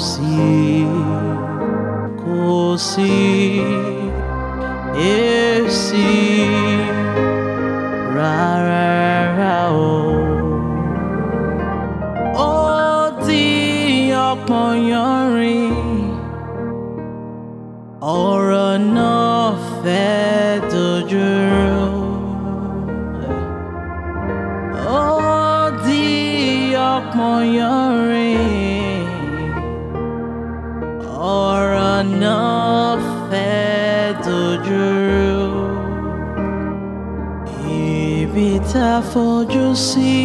così, così e sì. afojusi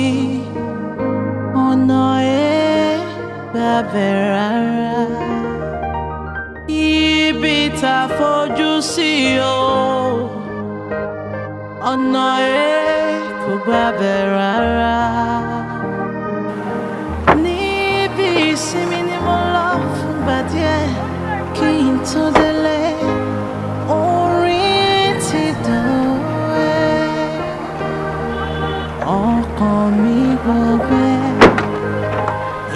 ọ̀nà ẹ gbà bẹ̀rẹ̀ ibi tá fojú sí o ọ̀nà ẹ kò gbà bẹ̀rẹ̀ níbi ìsinmi ni mo lọ fúngbà díẹ̀ tó dé. ọgbẹ́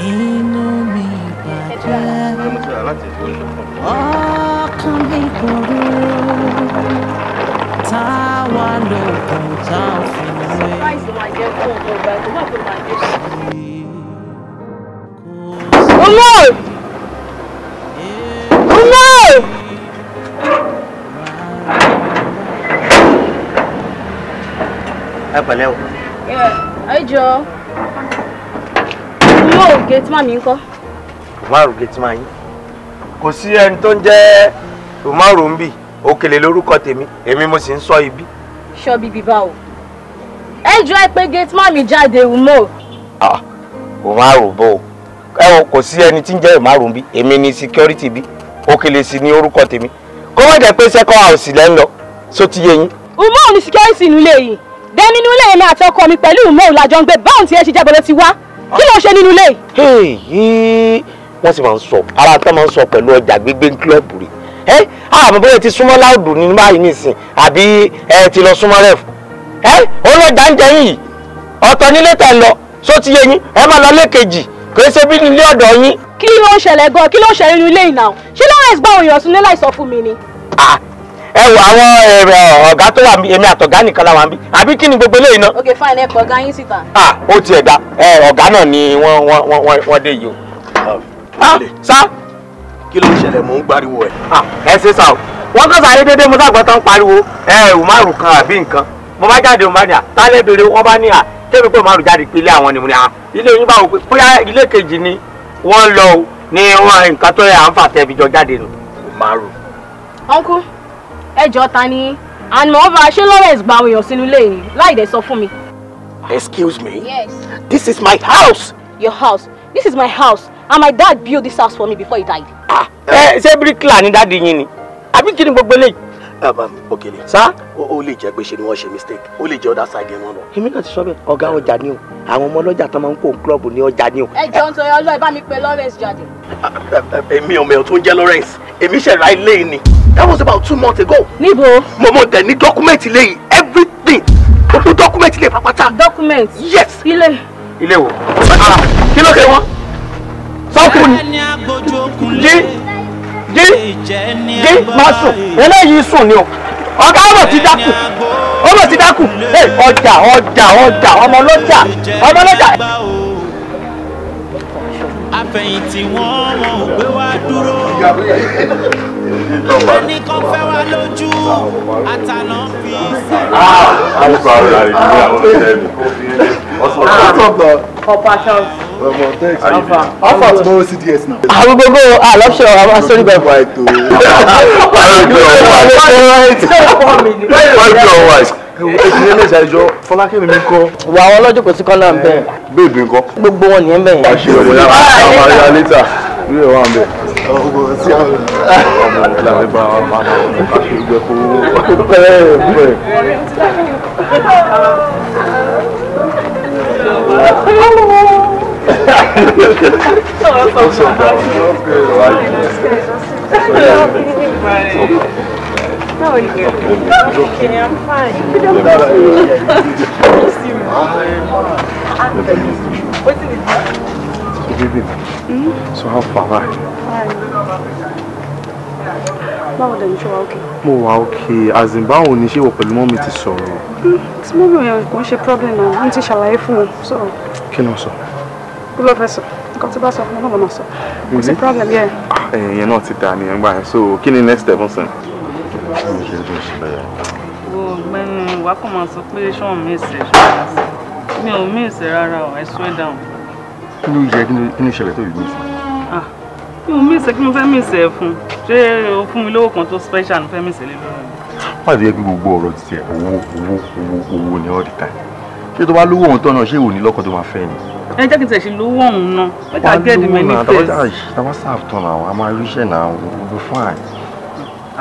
inú mi bàjẹ́ ọkàn mi kòrò tá a wà lóògùn tá a fi wé. Olóòtú! Olóòtú! ẹ pẹ̀lẹ́ o. ẹ jọ gẹ̀tìmá mi ń kọ́. umaru gẹ̀tìmá yín kò sí ẹni tó ń jẹ́ umaru ń bì òkèlè lórúkọ tèmi èmi mo sì ń sọ ibi. sọ bíbí báwo ẹ jọ ẹ pé gẹ̀tìmá mi jáde umo. umaru bò ẹ wọ kò sí ẹni tí ń umaru ń bì ni security bí òkèlè sì ni orúkọ tèmi kó má jẹ́ pé second house lẹ́ ń lọ ti yé yín. umo ni security nílé yìí dẹ́ni nílé mi àti mi pẹ̀lú umo la ń gbé báwọn tiẹ̀ ṣe jábọ̀ ló ti wá kí ló ṣe nínú ilé. wọ́n sì máa ń sọ ara tán máa ń sọ pẹ̀lú ọjà gbígbé kílọ̀bù rẹ̀ ẹ́ àmọ́ bóyá ti súnmọ́ láòdù ní báyìí nìsín àbí ẹ ti lọ súnmọ́ rẹ̀ ẹ́ ọlọ́jà ń jẹ yìí ọ̀tọ̀ nílé tẹ̀ lọ só ti yé yín ẹ máa lọ lẹ́ẹ̀kejì kò ṣe bí nílé ọ̀dọ̀ yín. kí ló ń ṣẹlẹ̀ gan-an kí ló ń ṣẹlẹ̀ nínú ilé ìnáwó ṣé lawrence gbọ́ òyìnbó sílé láìsọ fún mi ni ẹ wo àwọn eh, eh, ọ̀gá tó wà èmi àtọ̀gá nìkan la wà ń bí àbí kí ni gbogbo eléyìí náà. ok fine ẹ kọ ọ̀gá yín síta. ah ó tiẹ̀ da ọ̀gá náà ni wọ́n wọ́n wọ́n wọ́n dé yìí o. Ah, ah, sá. kí ló ń ṣẹlẹ̀ mò ń gbariwo ẹ̀. ẹ ṣe sá o wọ́n kàn sáré dédé mo sàgbọ́n tán pariwo ẹ ò márùn kan àbí nǹkan mo bá jáde mo bá ní à tálẹ́ dòde wọ́n bá ní à tẹ́mi pé márùn jáde pé ilé àwọn ni mo ní à ilé yín bá wò pé bóyá ilé kejì ni wọ́n lọ ní wọn nǹkan tó yẹ à uncle ẹjọ́ ta ni and moreover ṣé Lawrence gba àwọn èèyàn sínú ilé yìí láì dẹ̀ sọ fún mi. excuse me yes. this is my house. your house this is my house and my dad built this house for me before he died. ah ẹ ṣé bíríkìlà ni dáàdi yín ni àbí kí ni gbogbo eléyìí òkèlè sá ó lè jẹ́ pé ṣe ni wọ́n ṣe mistake ó lè jẹ́ ọ̀dà ṣáàgì wọn lọ. èmi náà ti sọ bẹ́ẹ̀ ọ̀gá ọjà ni o àwọn ọmọ ọlọ́jà tó máa ń kó club ní ọjà ni o. ẹ jọ ń tọrọ ọlọ ẹ bá mi pe Lawrence jáde. èmi ọmọ ẹ̀ tó ń jẹ́ Lawrence èmi ṣe ra ilé yìí ni that was about two months ago. níbo. mo mo dẹ̀ ní dọ́kúmẹ̀ntì lẹ́yìn everything gbogbo dọ́kúmẹ̀ntì lè pàpàtà. dọ́kúmẹ̀ntì. yes. ilé. ilé wo. Ah, kí ló kẹ́ wọn. sọ́kùnrin. yé jí jí máa sùn eléyìí sùn ni o ọ̀gá ọ̀rọ̀ ti dákù ọ̀rọ̀ ti dákù ọjà ọjà ọjà ọmọ ọlọ́jà ọmọ ọlọ́jà àfẹ̀yìntì wọn wọn ò gbé wá dúró ẹni kan fẹ́ wá lójú àtànà fi sẹ́yìn. Compassion. Ah, ah, How far tomorrow CDS now? I ah, will go go. Ah, love show. I'm sorry, but why to? Why to? Why to? Why to? Why to? ètùlé lè ṣàìjọ fọlákẹ́mi mi kọ́. wà àwọn ọlọ́jọ́ kò sí kọ́ náà bẹ́ẹ̀. bébì nǹkan. gbogbo wọn nìyẹn bẹ́ẹ̀. wàá ṣe ìròyìn àwọn àwọn ará létà lórí ẹ̀wọ̀n àbẹ̀. ọmọ sí àwọn ọmọ ìlànà bá wọn máa ń gbẹ kó. pẹ́ẹ́ pẹ́ẹ́. Hello. What's up, bro? Okay. Right. Okay, I'm fine. so how far are you? Fine. Báwo dẹ̀ Mo wà òkè, as in báwo ni ṣé wọ ti sọ̀rọ̀? Tí mọ́mí ò yẹn kò problem náà, wọ́n ti ṣàlàyé fún wọn, so. Kí ni wọ́n sọ? Kí ló fẹ́ sọ? Nǹkan tí bá sọ fún problem yẹn. Ah, Ẹ̀yìn yẹn náà ti dà so kí ni next step ń mi ṣe tó ṣe bẹ́ẹ̀. wo gbẹ́ni ìwà kan máa sọ pé ṣọ́ọ̀ mi ìsẹ̀ ṣọ́ọ̀ mi ò mí ìsẹ̀ rárá o I swear down. kí ló yẹ kí ló ṣẹlẹ̀ tó yìí nìyí. Ah, mi ò mí ìsẹ̀ kí mo fẹ́ mí ìsẹ̀ fún ṣé o fún mi lówó kan tó special fẹ́ mí ìsẹ̀ lé lórí. wọ́n ti yẹ kí gbogbo ọ̀rọ̀ ti tẹ̀ owó owó owó owó ní all the time ṣé tó bá lówó òun tán náà ṣé òun ní lọ́kàn tó máa fẹ́ ni. ẹ jẹ́ kí n tẹ̀ sí lówó òun náà make I get the many face. wàá lówó náà tàbá sáà tán náà a máa ríṣẹ́ náà we'll be fine.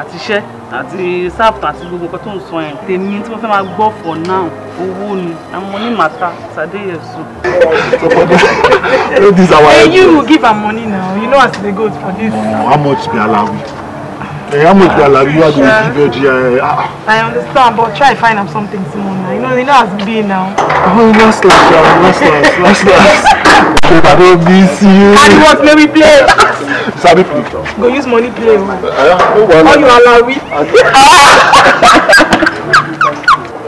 àtiṣẹ́ àti sapt àti gbogbo nǹkan tó ń sọ yẹn tèmi tí mo fẹ́ máa gbọ́ for now owó ni àwọn money matter sade yesu. no this our. hey you go give am money now you know as e dey go for this. how much be alawi. Eh, how much uh, you are ah, ah. I understand, but try find him something, Simona. You know, you know how it's been now. Oh, last last, last last, last last. If I don't miss you. And what may we play? Sabi play. Go use money play. Oh, you allow me.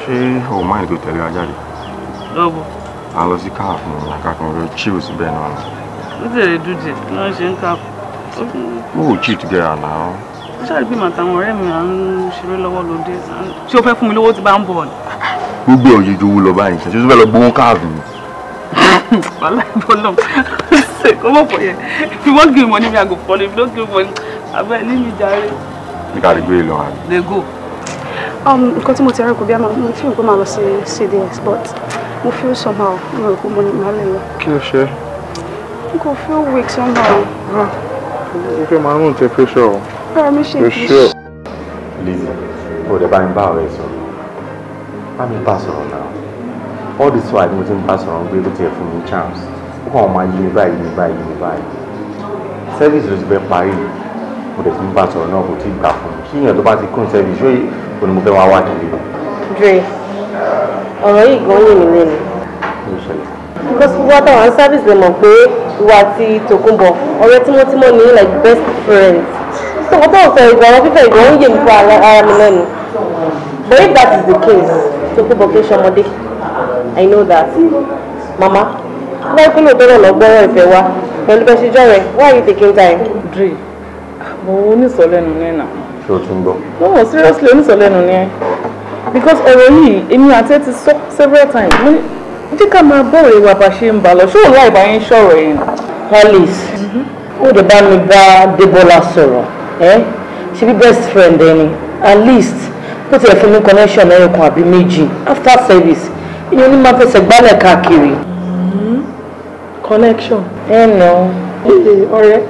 Ṣé o máa ń gbé tẹ̀lé ajá rẹ̀? I lost the lọ sí káàpù káàpù rẹ̀ chill síbẹ̀ náà. Ó tẹ̀lé dúdẹ̀ kí wọ́n No, ń káàpù. Mo ò cheat gẹ̀rà now? ó ṣàlù bí màtàwọn ọ̀rẹ́ mi à ń ṣeré lọ́wọ́ lóde tí ó fẹ́ fún mi lówó ti bá ń bọ̀ ni. gbogbo òjijì owó lọ báyìí ṣe tó fẹ́ lọ gbowó káàdù. wàhálà ìbọlọ ṣe kó mọ̀ fọyẹ if you wan give me money me i go follow if you no give money abẹ́ ẹ̀ ní mi jàre. mi ká lè gbé e àná. lè go. Um, nǹkan tí mo ti rẹ́ kò bí àmọ́ mo fi nǹkan máa lọ sí cds but mo feel somehow mo rò pé mo ní Bára mi ṣe kìí ṣe. Lizzie, o dẹ̀ bá mi bá ọ̀rẹ́ sọ̀rọ̀. Bá mi bá sọ̀rọ̀ náà. All this while mo ti ń bá sọ̀rọ̀ ń gbé ló tiẹ̀ fún mi chance. Ó kàn máa yí mi báyìí mi báyìí mi báyìí. Service ló ti fẹ́ parí. Mo dẹ̀ ti ń bá sọ̀rọ̀ náà kò tí ì service yóò kò ní mo fẹ́ wá wá délé. Dre, ọ̀rọ̀ yìí gan yìí mi lẹ́nu. Mo Because gbogbo àtàwọn service lè mọ̀ pé ìwà àti Tòkunbọ̀ ọ̀rẹ́ tímọ́tímọ́ ni like best friends. So what else are you going to do? I But if that is the case, to put vocation money I know that. Mama, now you know better love better if you are. Pẹ̀lú why are you taking time? Dre, but onísọ̀ lẹ́nu ní No, seriously onísọ̀ lẹ́nu ní Because several times. Mo ma jẹ́ ká máa bọ̀rọ̀ ìwà bá ṣe ń bá lọ. Ṣé òun bá yín mm-hmm. bá ẹ́ she be best friend ẹni at least kó tiẹ̀ fún mi connection ẹyọkan àbí méjì after service ìyẹn ní máa fẹsẹ̀ gbálẹ̀ káàkiri. Hmm? connection. ẹ nà. ọ̀rẹ́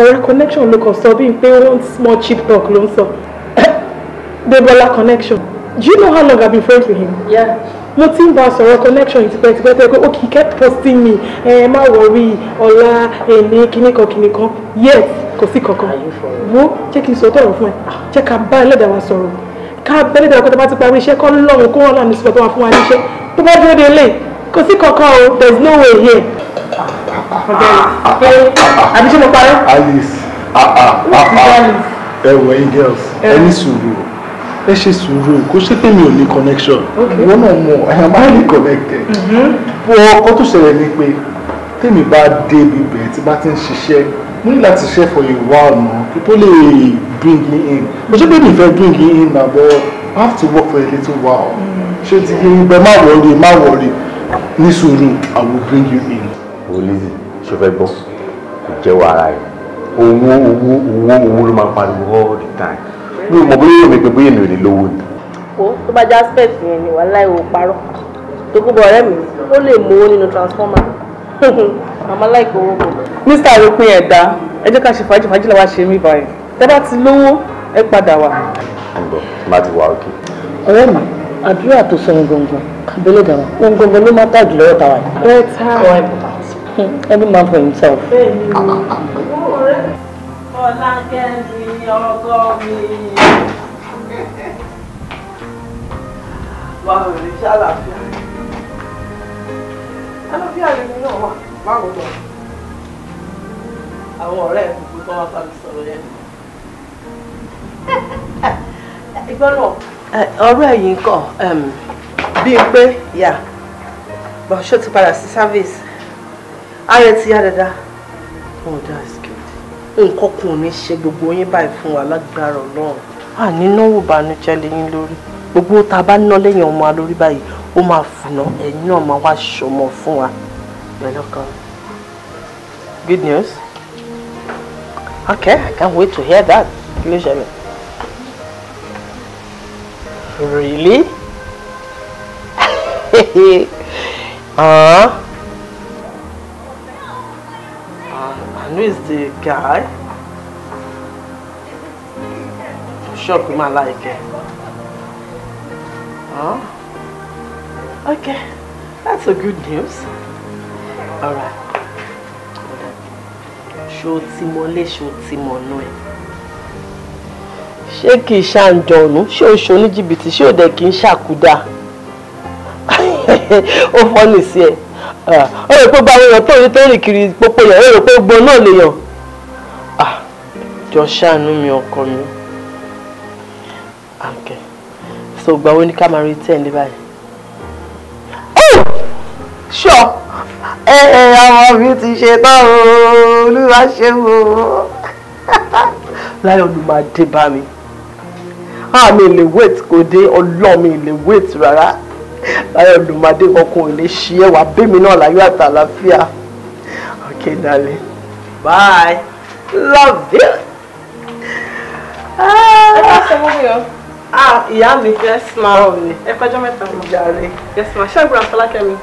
ọ̀rẹ́ connection ló kàn sọ bíi pé one small cheap talk ló ń sọ Debola connection do you know how long I've been friends with him. Yeah mo ti ń bá sọ̀rọ̀ connection tipẹ́tipẹ́ tẹ́ pé ó kì í kept posting me ẹ má wọrí ọ̀la ẹni kìnnìkan kìnnìkan yes kò sí kankan wo jẹ́ kí n sọ tọ̀rọ̀ fún ẹ ah, jẹ́ ká bá ẹlẹ́dàá wa sọ̀rọ̀ ká bẹ́lẹ́dàá wa kó tó bá ti parí iṣẹ́ kọ́ lọ́run kó wọ́n lànà ìṣúná tó wà fún wa níṣẹ́ tó bá dúró de lè kò sí kankan o there is no way here. ọ̀gá àbí ṣé mo parẹ́. Alice ah, ah, ẹ̀wọ̀ yín girls ẹni sùúrù o ẹ ṣe sùúrù kó ṣe pé mi ò ní connection ìwọ náà mọ ẹ̀yàn máa ní connected bó mm-hmm. ọkọ tó ṣẹlẹ̀ ni pé tèmi bá dé ibi bẹ̀rẹ̀ tí bá ti ń ṣiṣẹ́ mo ní láti ṣiṣẹ́ for a while now kí tó lè bring me in mo ṣe pé mi fẹ́ bring me in na but I have to work for a little while mm-hmm. ṣé ti yé ibẹ̀ má wọrí má wọrí ní sùúrù I will bring you in. olè ṣe fẹ́ gbọ́ kò jẹ́ wàhálà yìí owó owó owó owó ló máa ń pariwo all the time mi ò mọ̀ bóyá èmi pé bóyá èmi ò lè lówó ni. o tó bá já aspect yẹn ni wàhálà ìwò parọ́ tó kú bọ̀ ọ̀rẹ́ mi ó lè mówó nínú transformer màmá láìpẹ́ owó kò. mr aropin ẹ̀dá ẹ jẹ́ ká ṣe fàájì fàájì làwa ṣe mí báyìí tẹ́ bá ti lówó ẹ padà wá. àgbọ̀ má ti wà òkè. ọ̀rẹ́ mi àdúrà tó sọ ohun gangan abẹ́lẹ̀ dàrá ohun gangan ló má tàjù lọ́wọ́ tàwa yìí. better every man for himself. ọ̀la ọkọ mi. Báwo ni ṣé àlàáfíà? Àlàáfíà lèmi náà wà. Báwo lọ? Àwọn ọ̀rẹ́ mi kò tọ́ wá bá mi sọ̀rọ̀ lẹ́nu. Ìgbọ́n náà. Ọ̀rọ̀ ẹ̀yìn kọ̀ bíi pé yà bọ̀ ṣó ti padà sí service. Ayọ̀ ti yá dáadáa. Oh, it nǹkan kan ò ní ṣe gbogbo yín báyìí fún wa lágbára Ọlọ́run. a ní náwó ìbànújẹ́ lẹ́yìn lórí gbogbo tá a bá ná lẹ́yìn ọmọ alórí báyìí ó máa fùnà ẹ̀yin náà máa wá ṣọmọ fún wa pẹ̀lú kan. good news okay I can't wait to hear that kí ló ṣẹlẹ̀. really? uh -huh. And who is the guy? Shock ma like it. Eh? Huh? Okay. That's a good news. Alright. Ṣo ti mọ́lé ṣo ti mọ̀nà shan eh? Ṣé Show í ṣàǹjọ̀nù? Show o ṣo ní jìbìtì? Ṣé o Ah, ó rò pé gba àwọn èèyàn tó yí tó rìn kiri pópó yẹn ó rò pé gbọ́n náà lèèyàn ah, jọ ṣàánú mi ọkọ mi àǹkẹ́ so gba owó ní ká máa rí tẹ́ẹ̀ ní báyìí. ṣọ ẹ ẹ àwọn mi ti ṣe tán o olúwa ṣe o. láyọ̀ ló máa dé bá mi àmì ah, lè wait kò dé ọlọ́ọ̀ mi lè wait rárá láyọ̀ lùmọ̀dé kankan ò lè ṣí ẹ̀ wá bẹ́mi náà láyọ̀ àtàlàfíà okay darling bye love you. Ah. ẹ bá sọ mọ́ mi o. Ah, ìyá mi. Yes, ma. Ọ̀rẹ́. Ẹ kọjọ́ mẹ́ta mọ́. Jàre. Yes, ma. Ṣẹ́gun Afọlákẹ́mi.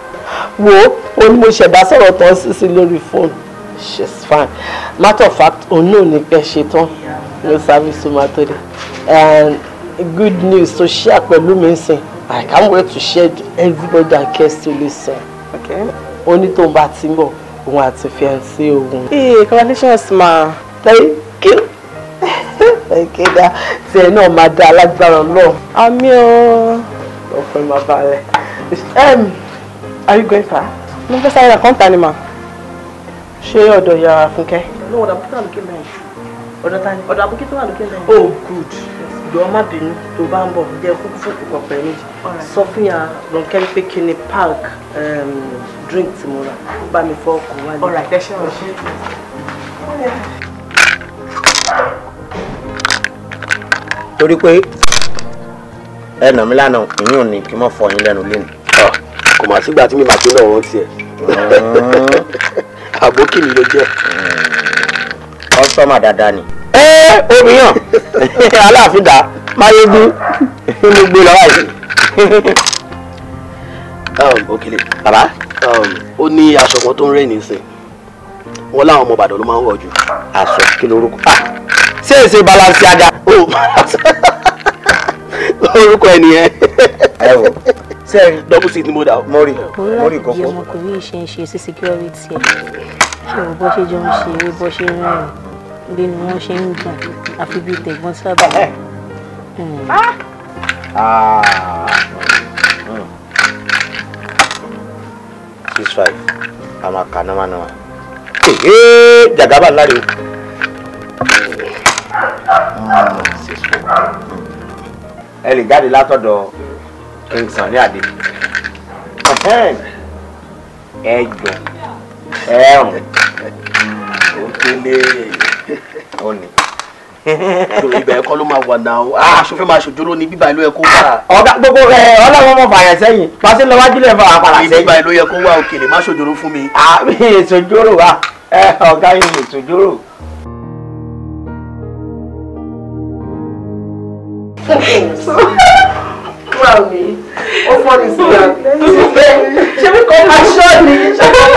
Wo, o ní mo ṣẹ̀dá sọ̀rọ̀ tán sísí lórí fóònù. She's fine. Matter of fact, òun náà ní pẹ́ ṣe tán. No service to matter. And good news to share pẹ̀lú mi sìn. I can't wait to share everybody that cares to listen. Okay. Only tó ń bá ti ń bọ̀, òun fiancé òun. Ee, congratulations ma. Thank you. Thank you da. Tiẹ̀ náà máa da alágbára náà. Àmì o. My máa Um, Are you going far? No, just sáré àkọ́ńtà ni mà. Ṣé ọ̀dọ̀ ìyá Fúnkẹ́? No, ọ̀dọ̀ àbúkí tó wà lókè mẹ́rin. Ọ̀dọ̀ ta ni? Ọ̀dọ̀ àbúkí tó wà lókè mẹ́rin. Oh, good jọ má do tó bá ń bọ̀ jẹ́ kúkú fòkù pọ̀pẹ́ méjì sọ fún yà Ronke pé kí ni park um, drink tí mo rà ó bá mi fọ́ ọkọ̀ wálé. ọ̀rọ̀ àtẹ́ṣẹ́ ọ̀ṣẹ́. torí pé ẹ nà mí lánàá ìyún ni kí n mọ̀ fọ yín lẹ́nu lẹ́nu. Ah, kò mà sígbà tí mi bá ti ń lọ́wọ́ tiẹ̀ mm. àbókì mi ló jẹ́. kọ́sọ́mà mm. dáadáa ni ẹ omiyan aláàfin dà máyégún ló gbé lọ báyìí. òkèlè bàbá um, ó ní aṣọ kan tó ń rẹ́ nísìn wọn láwọn ọmọ ìbàdàn ló máa ń wọ̀ jù. aṣọ kí lorúkọ ah, ṣé è ṣe Balenciaga ó orúkọ ẹ nìyẹn sẹ́yìn double seat ni mo dà ó. mọ́rì mọ́rì kọ́kọ́. òwúrọ̀ yìí ọmọkùnrin yìí ṣe ń ṣe sí security ẹ̀ ṣé o bó ṣe jọ ń ṣe eré bó ṣe ń rìn ilé ni wọ́n ṣe ń gbọ̀n àfi bíi tẹ̀gbọ́n sábà. Hmm. Ah! Ah! Hmm. six five a máa kà náà náà jàgábà ńlá rèé hmm. ẹ lè jáde látọ̀dọ̀ King Sunny Adé ẹ jọ ẹ rùn ó kélé wọn ni ibẹ̀ ẹ̀kọ́ ló máa wà náà ah, aṣọ fẹ́ máa ṣòjóró ni bíbá ìlú yẹ kó wà. ọ̀gá gbogbo ẹ ọlọ́wọ́ mọ̀ fàyàn sẹ́yìn pàṣẹ lọ́wọ́ ajílẹ̀ fà àpàlà sẹ́yìn. bíbá ìlú yẹ kó wà òkèlè má ṣòjóró fún mi. àmì ìṣòjóró wa ọ̀gá yìí ìṣòjóró. Mami, ó fọ́ ní sílẹ̀. Ṣé mi kọ́ aṣọ ni?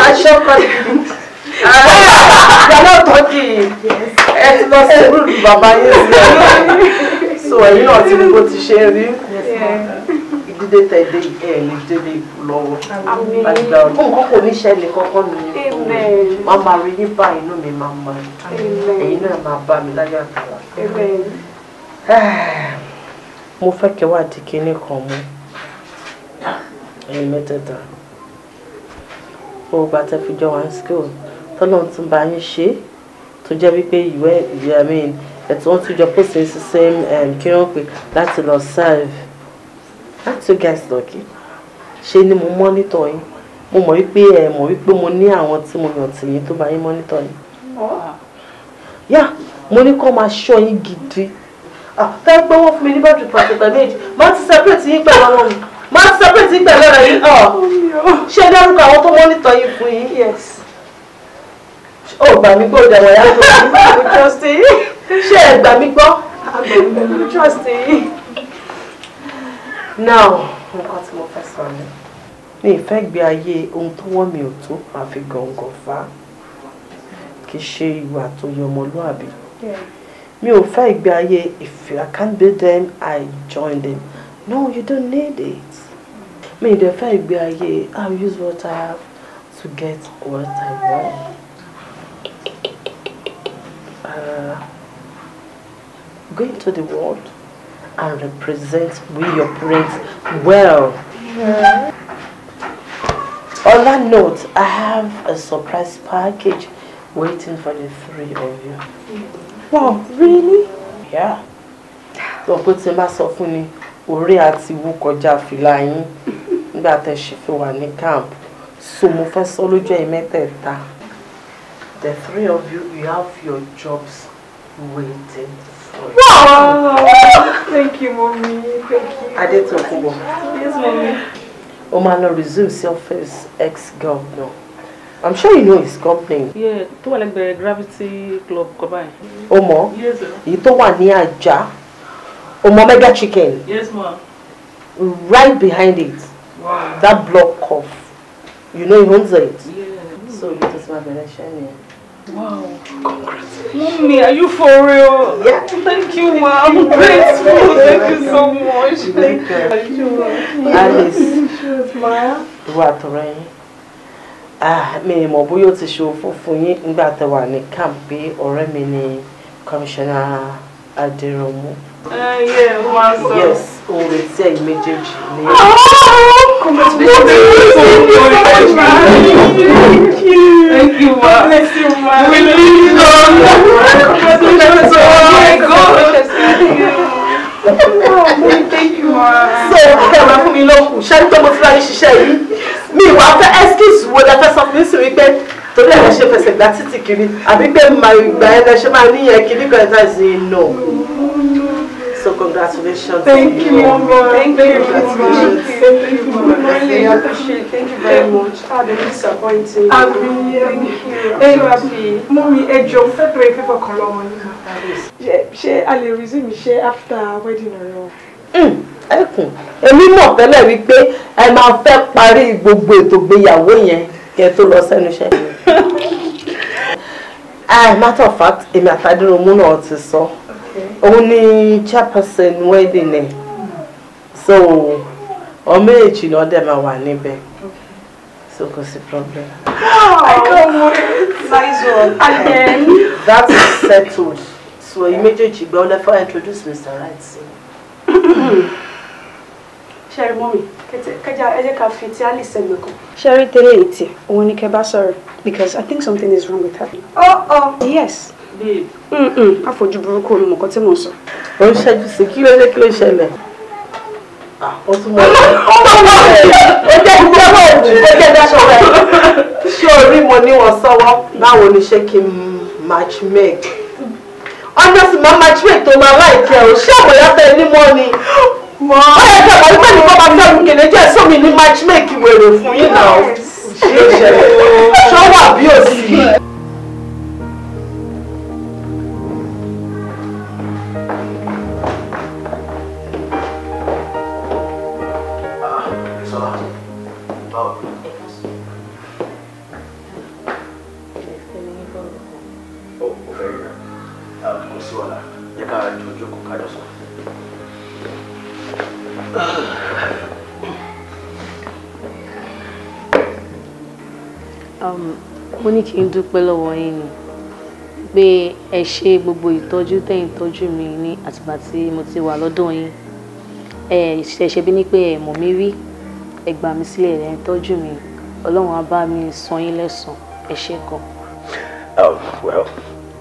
Aṣọ kan ni ìyàlẹ́ ah. ọ̀tọ́jì ẹ ti lọ sí rúùlù bàbá yín sí ẹ so ẹ̀yin náà ti bó ti ṣe rí ìdílé tẹ̀lé ẹ̀ lè délé lọ́wọ́ nǹkan kò ní ṣẹlẹ̀ kankan nìyẹn máa máa rí ní báyìí inú mi máa máa ẹ̀yin náà máa bá mi láyé àtàwọn mo fẹ́ kẹ́ wá di kinní kan mú ẹ̀yin mẹ́tẹ̀ẹ̀ta ó gba tẹ́ wá ń skill tọ́lọ́run tún bá yín ṣe tó jẹ́ wípé ìwé ìwé i mean ẹ̀tọ́ wọn tún jọ post ní sísẹ́m um, kí wọ́n pè láti lọ serve that two guys lucky ṣe ni mo mọ́nítọ̀ yín mo mọ̀ wípé ẹ mọ̀ wípé mo ní àwọn tí mo yàn tì yín tó bá yín mọ́nítọ̀ yín. yá mo ní kó máa ṣọ́ yín gidi fẹ́ pé wọ́n fún mi ní bọ́ọ̀dù pàṣẹpẹ̀ méjì má ti separate yín pẹ̀lú ọlọ́run má ti separate yín pẹ̀lú ọ̀rẹ́ yín oh, ṣé dárúkọ àwọn tó mọ́nítọ̀ yín fún yín. yes ó gbà mí gbọ́ òdà wọ̀nyá tó ń trust yìí ṣé ẹ gbà mí gbọ́ now nǹkan tí mo fẹ́ sọ ni mi ìfẹ́ gbé ayé ohun tó wọ́n mi ò tó àfi gàngàn fà á kì í ṣe ìwà tó yẹ ọmọlúàbí mi ò fẹ́ ìgbé ayé if I can't be them I join them no you don't need it mi ìdẹ̀fẹ́ ìgbé ayé I use what I have to get what I want uh, go into the world and represent we your parents well. Yeah. On that note, I have a surprise package waiting for the three of you. Wow, really? Yeah. Lọ put tí má sọ fún ni, orí àti ìwú kọjá fìlà yín nígbà tẹ̀ ṣe fi wà ní camp. So mo fẹ́ sọ lójú ẹ̀yin The three of you, you have your jobs waiting for you. Wow! Thank you, mommy. Thank you. I did Adetokubo. Yes, mommy. Omano resumes office ex-governor. I'm sure you know his company. Yeah, tó like the Gravity Club Kobai. Ọmọ? Yes, sir. Èyí tó wà ní Ajah. Ọmọ Mega Chicken. Yes, ma'am. Right behind it. Wow. That block of, you know, he owns it. Yeah. So you just want to share it. Wow. Congrats. Mommy, are you for real? Yeah. Thank you, Mom. I'm grateful. Thank you so much. Thank you. Thank Alice. Smile. Ìwà àtọ̀rọ̀ Ah, mi ì mọ̀ bóyá ó ti ṣe òfò fún yín nígbà tẹ wà ní kàǹpé ọ̀rẹ́ mi ni Commissioner Adéròmú. Ẹ ah, yeah. ó máa ń Yes oore tí ẹ̀yin méjèèjì ní. Thank you, ma. you, ma. We my God. so ẹ máa fún mi lókun ṣáájú àbí pé màá ìgbà ẹ̀ lè ṣe máa níyẹn kiri kan ẹ̀ tá ẹ̀ sí i nù. So congratulations. Thank you, Mama. Thank, thank you, Mama. Thank you, Mama. Really appreciate. Thank you very much. I've been disappointed. I've been thank you. I'm so happy. Mommy, ẹ jọ̀ọ́ fẹ́ pray people kan lọ́wọ́ yín. Ṣé a lè resume iṣẹ́ after wedding ọ̀rọ̀? Hmm, ẹkùn, èmi mọ̀ tẹ́lẹ̀ wípé ẹ máa fẹ́ parí gbogbo ètò ìgbéyàwó yẹn kẹ́ tó lọ sẹ́nu iṣẹ́. Eh, matter of fact, èmi àtàdínrún mú náà ti sọ òun ni chairperson wedding ẹ̀ so ọmọ èjì náà dẹ̀ máa wà níbẹ̀ so kò sí problem. Oh, I can't wait. Nice one. Again. then. That is settled. So you méjèèjì gbọ́ lẹ́fọ́ introduce Mr. Right sí. Ṣẹ́rí mọ́mí, kẹjá ẹ jẹ́ ká fi ti Alice sẹ́gbẹ̀ kan. Ṣẹ́rí tẹ́lẹ̀ ètì, òun ni kẹ́ bá sọ̀rọ̀ because I think something is wrong with her. Oh, oh. Yes babe. Àfojú burúkú mi mọ̀ kọ́ tí mo sọ. Ó ń ṣẹ́jú sí kí ló dé kí ló ṣẹlẹ̀? Ó tún mọ̀ ọ́. Ó mọ̀ ọ́ ó jẹ́ ìjẹ́wọ́ ojú ó jẹ́ dáṣọ rẹ̀. Ṣé orí mo ní wọn sọ́wọ́? Báwo ni ṣé kí n match make? Ọjọ́ sì máa match make tó máa láìpẹ́ o. Ṣé àbòyá tẹ ní mọ́ ni? Mọ́. Ó yẹ kí ọ̀gá nígbà nígbà máa fẹ́ mi kèlé jẹ́ sómi ní match make wèrè fún yín náà. Ṣé ìṣẹ̀lẹ̀ ṣọ́wọ́ àbí òsì? Sọ́lá báwo ni. ó fẹ́ rí náà kò sí wàhálà jẹ́ ká jọ jókòó ká jọ sọ. Um, mo ní kí n dúpẹ́ lọ́wọ́ yín ni pé ẹ ṣe gbogbo ìtọ́jú tẹ̀yìn tọ́jú mi ní àtìgbà tí mo ti wà lọ́dọ̀ yín ẹ ṣẹ̀ṣẹ̀ bí ní pé ẹ mọ̀ mí rí ẹ gbà mí sílẹ̀ ẹ̀ ń tọ́jú mi ọlọ́run á bá mi san yín lẹ́san ẹ ṣé gan. Ah, well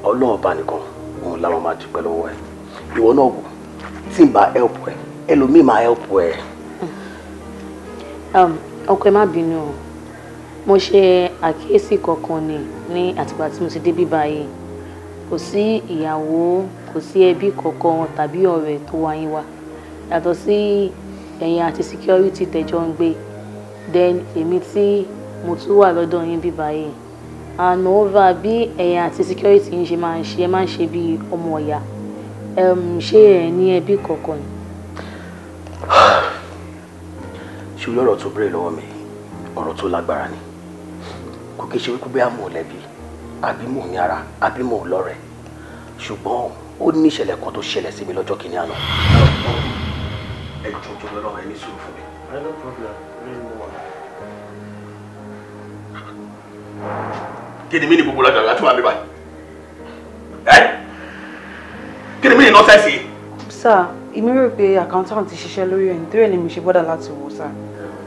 ọlọ́run ọba nìkan òun la máa dúpẹ́ lọ́wọ́ ẹ̀ ìwọ náà wò tí n bá help ẹ ẹlòmíì máa help ẹ. Hmm. Um, ọkọ ẹ má bínú o mo ṣe àkíyèsí kankan ni ní àtìgbà tí mo ti débí báyìí kò sí ìyàwó kò sí ẹbí kankan tàbí ọ̀rẹ́ tó wá yín wá yàtọ̀ sí ẹ̀yin àti security tẹ̀jọ́ ń gbé then èmi tí mo tún wà lọ́dọ̀ yín bí báyìí and over bí ẹ̀yin àti security yín ṣe máa ń ṣe máa ń ṣe bí ọmọ ọ̀yà ṣé ẹ̀ ní ẹbí kọ̀ọ̀kan ni. ṣùgbọ́n ọ̀rọ̀ tó bẹ̀rẹ̀ lọ́wọ́ mi ọ̀rọ̀ tó lágbára ni kò kí ṣe wípé bí a mọ̀ lẹ́bi àbí mò ń yára àbí mò ń lọ́rẹ̀ẹ́ ṣùgbọ́n ó ní ìṣẹ̀lẹ̀ kan tó ṣẹlẹ̀ sí mi lọ́jọ́ kìíní àná ẹ jọ tó lọ́wọ́ ẹ ní sùúrù fún mi. I no problem really no wahala. kí ni mí ni gbogbo lọ́jà láti wà mí báyìí ẹ kí ni mí ni nọ́ọ̀sẹ̀sì. sir èmi rò pé accountant ti ṣiṣẹ́ lórí ẹni torí ẹni mi ṣe bọ́dà láti wò sá.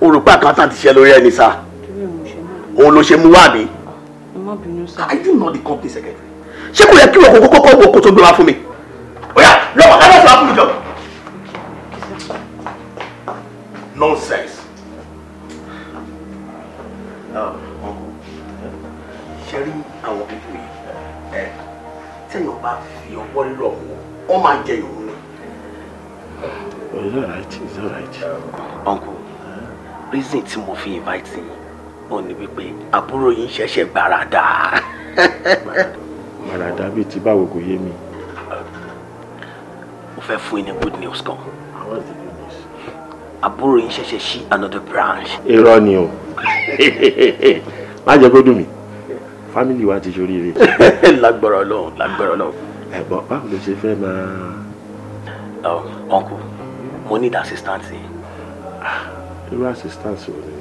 o rò pé accountant ti ṣiṣẹ́ lórí ẹni sá òun ló ṣe mú wá mi. ẹ má bínú sá. I you not the company secretary ṣé kò yẹ kí wọ́n kókó kókó wo kó tó gbé wá fún mi. ó yá lọ́wọ́ ká lọ́sọ̀rọ̀ fún mi jọ. nonsense. ṣe rí àwọn pípọ̀ yìí tẹ̀yàn bá fi ọwọ́ lọ wọ́n máa jẹ yòó ni. Oh, it's alright it's alright. uncle reason tí mo fi invite yín ò ní wípé àbúrò yín ṣẹ̀ṣẹ̀ gbàràdà. gbàràdà bíi ti báwo kò yé mi. mo fẹ́ good news kan. àwọn ti àbúrò yín ṣẹ̀ṣẹ̀ ṣí another branch. irọ́ ni o má jẹ́ kó dùn mí fámìlì wa ti ṣoríire. lágbára Ọlọ́run lágbára Ọlọ́run. ẹ̀gbọ́n báwo ló ṣe fẹ́ máa. Oh, uncle mo need assistance. Ah, irú assistance wo ni.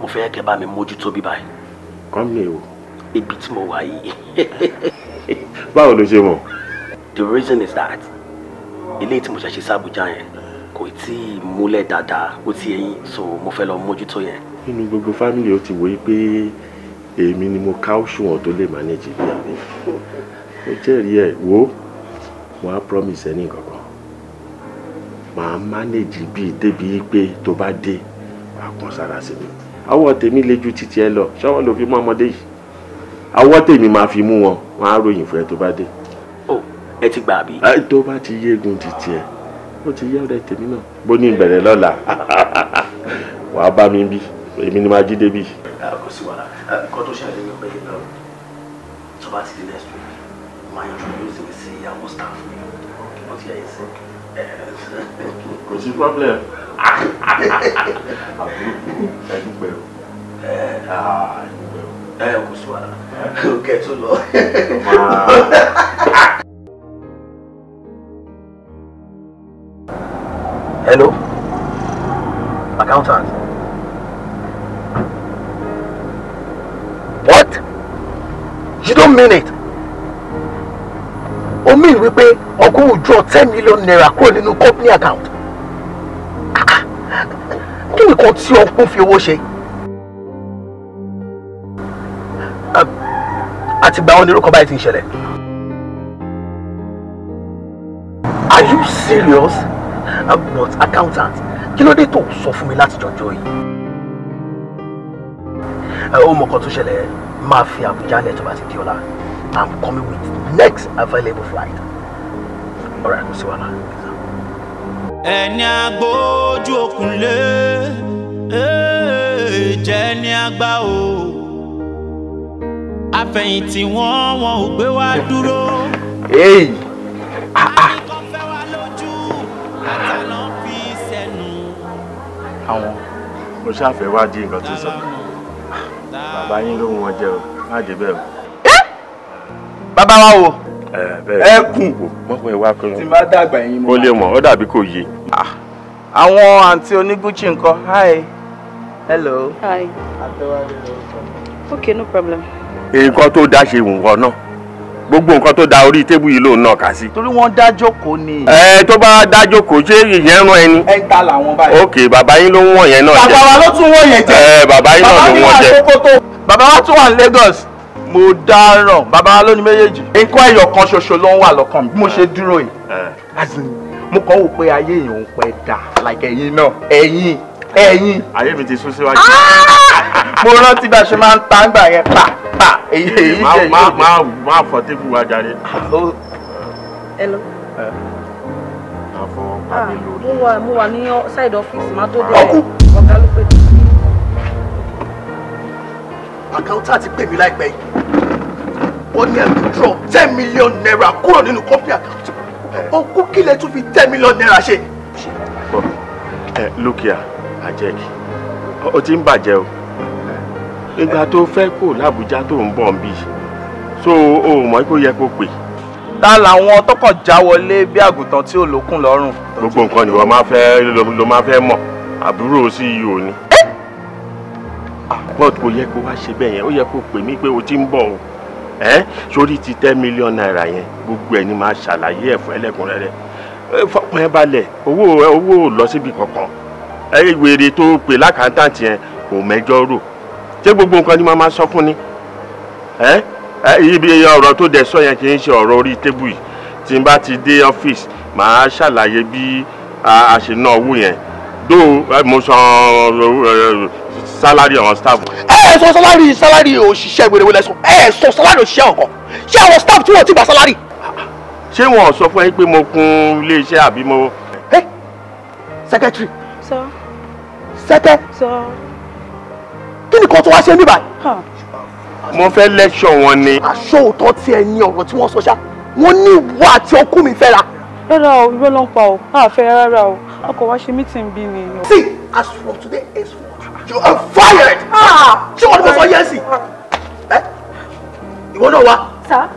mo fẹ́ kẹ́ bá mi mójútó bí báyìí. kọ́mí o. ibi tí mo wà yìí. báwo ló ṣe mọ̀. the reason is that ilé tí mo ṣẹ̀ṣẹ̀ sábùjá yẹn kò tí ì múlẹ̀ dáadáa ó ti ẹyin so mo fẹ́ lọ mójútó yẹn. nínú gbogbo fámìlì ó ti wò ó pé èmi ni mo ká òṣùwọ̀n tó lè manage bí àbí ó jẹ́rìí ẹ̀ wò ó mo á promise ẹni kankan màá manage bíi débi pé tó bá dé wàá kàn sára sí mi àwọ̀ tèmi le ju títí ẹ lọ ṣáwọn ló fi mú ọmọdé yìí àwọ̀ tèmi máa fi mú wọn wọn á ròyìn fún ẹ tó bá dé. Oh, ẹ ti gbà bí. tó bá ti yégun títí ẹ ó ti yá ọ̀rẹ́ tèmi náà. bó ní ìbẹ̀rẹ̀ lọ́la wàá bá mi bí èmi ni máa jí débi. Ah, kò sí wàhálà ah, nǹkan tó ṣàlẹ̀ ní ọ̀pẹ́ yẹn um, tó bá ti di next week máa yanjú yóò sì sí ìyàwó staff mi ó ti yẹ sí. kò sí problem. o. Eh, ah, ẹ ẹ eh, kò sí wàhálà eh? ó kẹ́ tó lọ. Hello? Accountant. What? You don't mean it. O mean wípé ọkùnrin withdraw ten million naira kúrò nínú company account. Can ni kan tí ọkùnrin fi owó ṣe? Um, Àtìgbà wọn ni irú kan báyìí Are you serious? not accountant kí ló dé tó sọ fún mi láti jọjọ yìí. ó mọ kan tó ṣẹlẹ̀ máa fi Àbújá lẹ̀ tó bá ti di ọ̀la I'm coming with next available flight. ọ̀rẹ́ àkọsí wa náà. ẹni agbójú òkun lé jẹ́ ní agbá o àfẹ̀yìntì wọn wọn ò gbé wá dúró. Hey. Ah, ah! àwọn mo ṣàfẹ́ wádìí nǹkan tó sọ bàbá yín ló wọn jẹ o má dé bẹ́ẹ̀ o. bàbá wa wo ẹ kùn mọ̀pọ̀ ẹ wá kí ló tí bá dàgbà yín mo. ó lè mọ̀ ó dàbí kò yé. Ah. àwọn àǹtí onígúnchì nǹkan hi hello. hi. okay no problem. nǹkan tó dá ṣe wù wọ́n náà gbogbo nǹkan tó da orí tébù yìí lòun náà kà sí. torí wọ́n dá jókòó ni. ẹ tó bá dá jókòó ṣé ìyẹn rán ẹni. ẹ ta làwọn báyìí. ok bàbá yín ló ń wọ̀n yẹn náà jẹ. bàbá wa ló tún wọ̀n yẹn jẹ. ẹ bàbá yín náà ló wọ̀n jẹ. bàbá wa tún wà Lagos mo dáràn bàbá wa ló méjèèjì. nǹkan ẹyọ kan ṣoṣo ló ń wà lọ́kàn mi bí mo ṣe dúró yìí. mo kàn wò pé ayé èèyàn ń pẹ́ dà like ẹ̀yin náà ẹ̀yin ẹ̀yin. ayé mi ti sún síwájú. Ah! mo rántí bá a ṣe máa ń ta ń yẹn pa. èyí èyí jẹ yóò máa máa fọ tébù wa jáde. hello. Ah, mo wà mo wà ní side office máa tó dé ọ̀gá ló pè mí. àkáńtà ti pè mí láìpẹ́ yìí wọ́n ní ẹ̀rù drop ten million naira kúrò nínú company account òkú kílẹ̀ tún fi ten million naira ṣe. look here ajẹ́kì ó ti ń bàjẹ́ o nígbà tó fẹ́ kó làbújá tó ń bọ̀ ń bì so o mọ̀ kó yẹ kó pè. ta làwọn tọkọ já wọlé bí àgùntàn tí ò lókun lọ́rùn. gbogbo nǹkan ni wọ́n máa fẹ́ ló máa fẹ́ mọ̀ àbúrò sí iyo e ni. Eh? but kò yẹ kó wá ṣe bẹ́ẹ̀ yẹn ó yẹ kó pè mí pé o ti ń bọ̀ o ẹ́ sórí ti ten million naira yẹn gbogbo ẹ̀ ni máa ṣàlàyé ẹ̀fọ́ ẹlẹ́kùnrẹ́rẹ́ fọkàn ẹ balẹ̀ owó owó lọ síbi kankan ẹ wèrè tó pè lákàntàntì yẹn kò mẹjọ rò ṣé gbogbo nǹkan ni màá máa sọ fún ni ibi ọ̀rọ̀ tó dẹ̀ sọ yẹn kì í ṣe ọ̀rọ̀ orí tébù yìí tí n bá ti dé ọ́fíìsì màá ṣàlàyé bí a ṣe ná owó yẹn dó mo sọ sálárì àwọn staff. ẹ sọ sálárì sálárì òṣìṣẹ́ gbèrèwé lẹ́sùn ẹ sọ sálárì òṣìṣẹ́ ọ̀kan ṣé àwọn staff tí wọ́n ti gba sálárì. ṣé wọn ò sọ fún ẹ pé mo kun iléeṣẹ́ àbí mo. ẹ sẹkẹtiri. sọ. sẹkẹ. sọ kí nìkan tó wá ṣe níbà. mo fẹ́ lẹ́ṣọ̀ wọn ni. aṣọ òótọ́ tí ẹ ní ọ̀rọ̀ tí wọ́n sọ ṣá wọ́n ní ìwọ àti ọkùnrin mi fẹ́ra. rárá o irọ́ ló ń pa o a fẹ́ rárá o a kò wá ṣe mítìn bí ni. see as for today as for you are fired. Ah! ṣé wọ́n ní mo sọ yẹ́sì? Eh? ìwọ náà wá sá.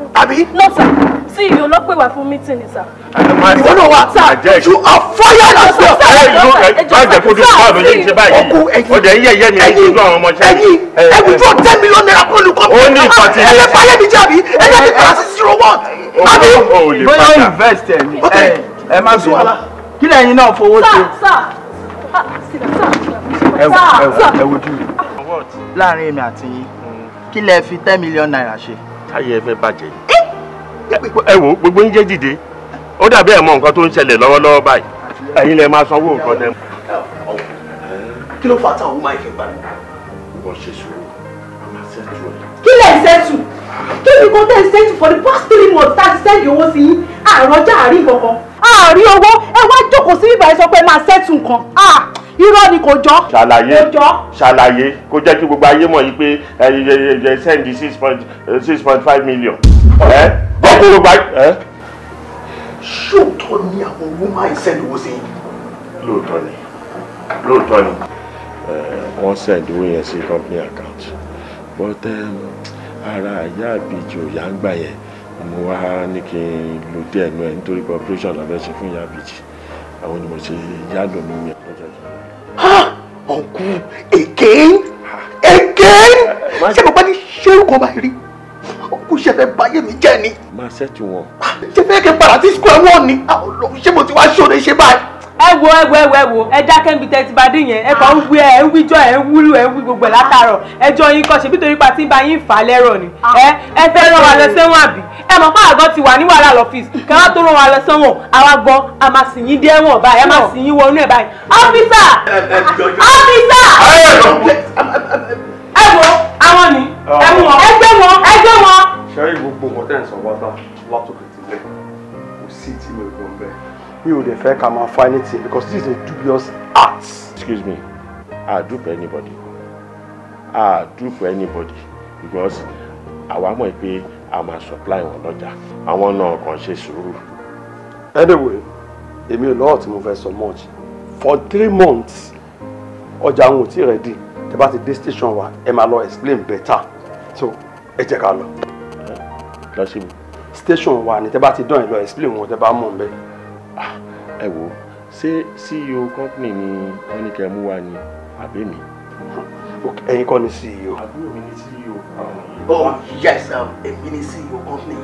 no sir. sí ìyó ló pè wá fún mítìnì sá. ìwọ náà wà sá you are fired as well. ẹ ìlú ẹgbẹ́ kojú fáwọn mi ní ṣe báyìí ọdẹ yíyẹ yẹ mi ẹ̀yìn ìlú àwọn ọmọ ṣẹ́. ẹ̀yìn ẹ̀wùjọ ten million naira kọlu kọ́ mi. ó ní ìfọ̀tí ẹ̀ ẹ̀fẹ̀ ayé mi jàbí ẹ̀yẹ mi kàrà sí zero one. àbí. bóyá invest ẹ ní ẹ ẹ má bí wọn kí lẹ́yìn náà fowó ṣe. sá sá ẹwù ẹwù ẹwù ojú mi láàrin èmi àti yín kí lẹ fi ten million naira ṣe táyé ẹ fẹ́ bàjẹ́ yìí ẹ wò gbogbo ń jẹ́ dìde ó dàbí ẹ̀ mọ nǹkan tó ń ṣẹlẹ̀ lọ́wọ́lọ́wọ́ báyìí ẹ̀yin lẹ máa sanwó nǹkan tẹ. kí ló fà á táwọn máa kẹ́ gbàdúrà. wọ́n ṣe sùúrù àmà sẹ́tù ẹ̀. kí lẹ̀ sẹ́tù kí ni kò tẹ́ sẹ́tù for the past three months tá a ti sẹ́ndì owó sí yín àrọ́jà àrí nǹkan kan. àárí owó ẹ wá jókòó sí bíbá ẹ sọ pé máa sẹ́tù nǹkan. Ah! irọ́ ni kò jọ. ṣàlàyé ṣàlàyé kó jẹ́ kí gbogbo ayé mọ̀ yìí pé ẹ send six point six point five million. ẹ bọ́ kúrò gba ẹ. ṣóòótọ́ ni àwọn owó máa ń send owó sí. lóòótọ́ ni lóòótọ́ ni. wọ́n send owó yẹn sí company account but um, ara àyà àbíjò yà ń gbà yẹn mo wá ní kí n lo díẹ̀ nú ẹ̀ nítorí pé operation la fẹ́ ṣe fún ìyá àbíjì àwọn ni mo ṣe yá lómi yẹn ọ̀nkú again again ṣé bàbá ní ṣerúkọ báyìí rí ọkú ṣe fẹ́ báyé mi jẹ́ ni. máa ṣẹ́tù wọn. ṣé fẹ́ kẹ́ padà sí square one ni ṣé mo ti wá ṣòro ṣe báyìí ẹ wo ẹ wo ẹ wo ẹ wo ẹ dákẹ́ níbi tẹ́ ti bá dé yẹn ẹ kàn ń wí ẹ ń wíjọ ẹ ń wúlò ẹ ń wí gbogbo ẹ látàárọ̀ ẹjọ́ yín kọ́ ṣe nítorí pa tí ń bá yín fà á lẹ́rọ̀ ni ẹ ẹ fẹ́ rán wa lọ sẹ́wọ̀n àbí ẹ mọ̀ pé àgọ́ ti wà ní wàhálà lọ́fíìsì kí wọ́n tó rán wa lọ sẹ́wọ̀n àwa gan a máa sì yín dé ẹ̀wọ̀n báyìí a máa sì yín wọnú ẹ̀ báyìí ọ́fíìsà ọ́fíìsà ẹ wo àwọn ni ẹ wọn ẹ wọn ẹ gbé gbogbo mọ̀tẹ́ mi ò dẹ̀ fẹ́ ká máa fa anything because this is a dubious act. excuse me i dupe anybody i dupe anybody because àwa mọ̀ pé a máa supply wọn lọ́jà àwọn náà kàn ṣe sùúrù. anyway èmi ò lọ́wọ́ tí mo fẹ́ so much for three months ọjà àwọn ò tí ready tẹ bá ti dé station wa ẹ máa lọ explain better so ẹ jẹ́ ká lọ. lọ síbi. station wa ni tẹ bá ti dán ẹ lọ explain wọn tẹ bá mọ̀ nbẹ. Ah, ẹ wò ṣé CEO company ni wọ́n ní kẹ́ ẹ mú wá ni àbẹ́mi. ẹ̀yin kọ́ ni CEO. àbúrò mi ni CEO oh yes èmi ni ceo company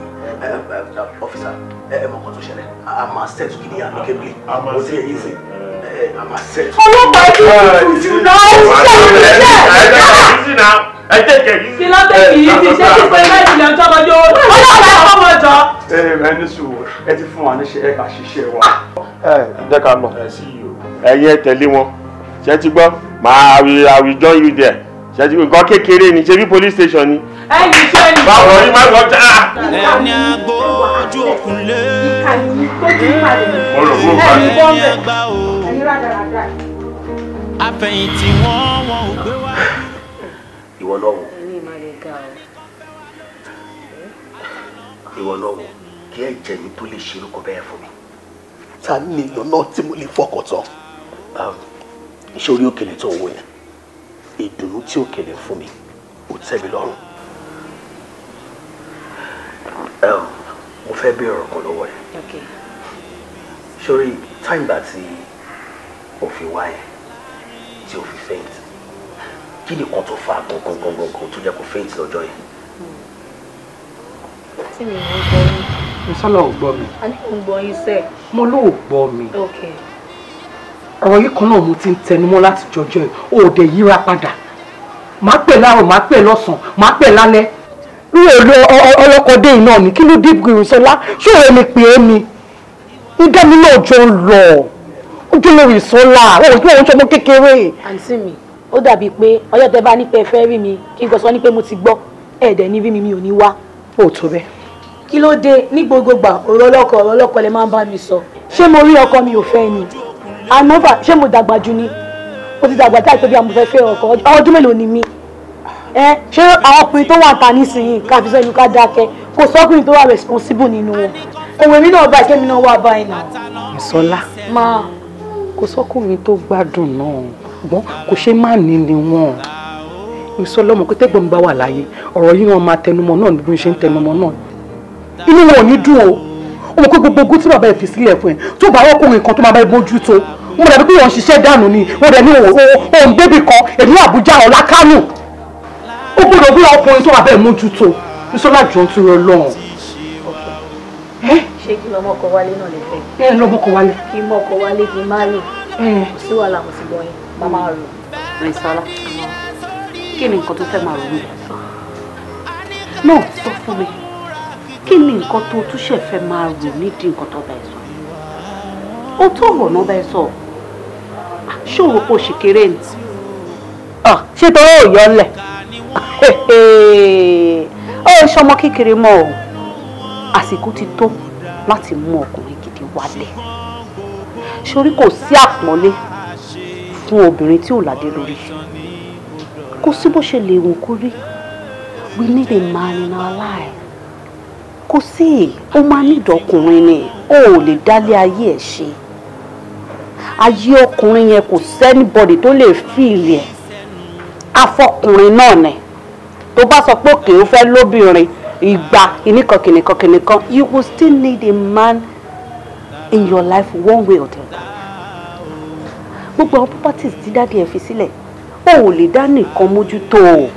officer ẹ mọ̀ kan tó ṣẹlẹ̀ a máa set kìíní amicably o ti I'm yín sí a máa set. ọlọ́pàá ti kú I náà ó Easy ṣe àwọn ìṣẹ́ ẹ jẹjẹ yìí. kí ló dé kì í ti ṣe kí pé bẹ́ẹ̀ ìlẹ̀ ọjọ́ ọjọ́ ọlọ́pàá ẹ̀ fọwọ́ jọ. ẹ ẹ ní sùúrù ẹ ti fún wa níṣẹ́ ẹ kà ṣiṣẹ́ wa. ẹ jẹ́ ká lọ ẹ̀yin tẹ̀lé wọn ṣe ti I will. I will join you there ṣe ti gbọ́ kékeré ni ṣe bí police station ẹni tí ó ní. báwo ni máa lọ já. ẹni agbójú òkun lé. ẹni àgbà o. afẹ̀yìntì wọ́n wọ́n ò gbé wá. ìwọ lọ́wọ́. ìwọ lọ́wọ́ kí ẹ̀jẹ̀ mi tó lè ṣe irúkọ bẹ́ẹ̀ fún mi. ta ni èèyàn náà tí mo lè fọkàn tán. Ah, ṣé orí òkèlè tó wọ yẹn ìdùnnú tí òkèlè fún mi ò tẹ́ mi lọ́rùn. fẹ́ béèrè ọ̀kan lọ́wọ́ ẹ̀. sórí táìgbà tí o fi wá ẹ̀ tí o fi faint kí ni kan tó fa gangan gangan kan tó jẹ́ kó faint lọ́jọ́ yẹn. tí mi ò gbọ́ yín. mo sọ́lọ́ ò gbọ́ mi. a ní kò ń gbọ́ yín sẹ́ẹ̀. mo ló ò gbọ́ mi. ọ̀rọ̀ yìí kan náà mo ti ń tẹnumọ́ láti jọjọ́ ẹ̀ o ò dẹ̀ yíra padà màá pè láàrọ̀ màá pè lọ́sàn-án màá pè lálẹ́ mi ò lọ ọlọ́kọ̀dé iná mi kí ló dé Gbémisọ́lá ṣòro mi pè é mi ń dá mi náà jọ lọ ojú lórí ìsọ́lá òun tí òun ṣọmọ kékeré. àǹtí mi ó dàbíi pé ọjọ́ tẹ bá ní pé ẹ fẹ́ rí mi kí n kò sọ ní pé mo ti gbọ́ ẹ̀ẹ́dẹ̀ ní rí mi mi ò ní wá. ó tó bẹ́ẹ̀. kí ló dé ní gbogbogbà ọ̀rọ̀ ọlọ́kọ ọ̀rọ̀ ọlọ́kọ lẹ máa ń bá mi sọ ṣé mo rí ọkọ mi ò fẹ́ ni àmọ́ ṣé mo dàgbà jù ni mo ti dàgbà táì ẹ eh, ṣé àwọn ọkùnrin tó wà ta nísìnyí ká fi sọ ìlú ká dákẹ́ kò sọ́kùnrin tó wà responsible nínú wọn òun èmi náà bá ìkẹ́mi náà wà báyìí nà. ìsọlá máa kò sọ́kùnrin tó gbádùn náà gbọ́n kò ṣe má ní ni wọ́n ìsọlá ọmọ pé tẹ́gbọ̀n bá wà láyé ọ̀rọ̀ yìí wọn máa tẹnumọ́ náà bí wọ́n ṣe ń tẹnumọ́ náà inú wọn ò ní dùn o ó mọ̀ pé gbogbo ogún tí bàbá ẹ̀ fi sílẹ̀ fún ẹ tó bá ọkùnrin kan tó máa bá ẹ bójú tó mo dàbí pé wọ́n ń ṣiṣẹ́ dànù ni mo dẹ̀ ní òun bébì kan èmi Àbújá ọ̀la Kánò O gbọ́dọ̀ bí ọkùnrin tó wà bẹ́ẹ̀ mójútó nísọ́lá jọ ń túrọ lọ́hùn. ṣé kí lọmọkọ wálé náà lè fẹ́. ẹ lọmọkọ wálé. kí mọkọ wálé kí má lè. kò sí wàhálà mo ti gbọ́ yín màmá rò. rìnsálà kí ni nǹkan tó fẹ́ máa rò mí. náà sọ fún mi kí ni nǹkan tó túṣẹ̀ fẹ́ máa rò nídìí nǹkan tó bá ẹ sọ. ó tó ọ̀rọ̀ náà bá ẹ sọ ṣòro kò ṣì ni. Ah, ṣé torí òòyọ́ ńlẹ̀ ó oh, ṣọmọ kékeré mọ́ o àsìkò ti tó láti mú ọkùnrin gidi wálẹ̀ sórí kò sí àpọ́nlé fún obìnrin tí ò ládé lórí kò sí bó ṣe lè wù kú rí we need a man in our life kò sí ó máa nídìí ọkùnrin ni ó ò lè dálé ayé ẹ̀ ṣe ayé ọkùnrin yẹn kò sẹ́nibọ̀dì tó lè fíìlì ẹ̀ afọkùnrin náà ni tó bá sọ pé òkè ó fẹ́ lóbìnrin ìgbà kìnìkan kìnìkan kìnìkan you will still need a man in your life one way or the other gbogbo àwọn properties tí dáàdi ẹ fi sílẹ̀ o ò lè dá nìkan mójútó o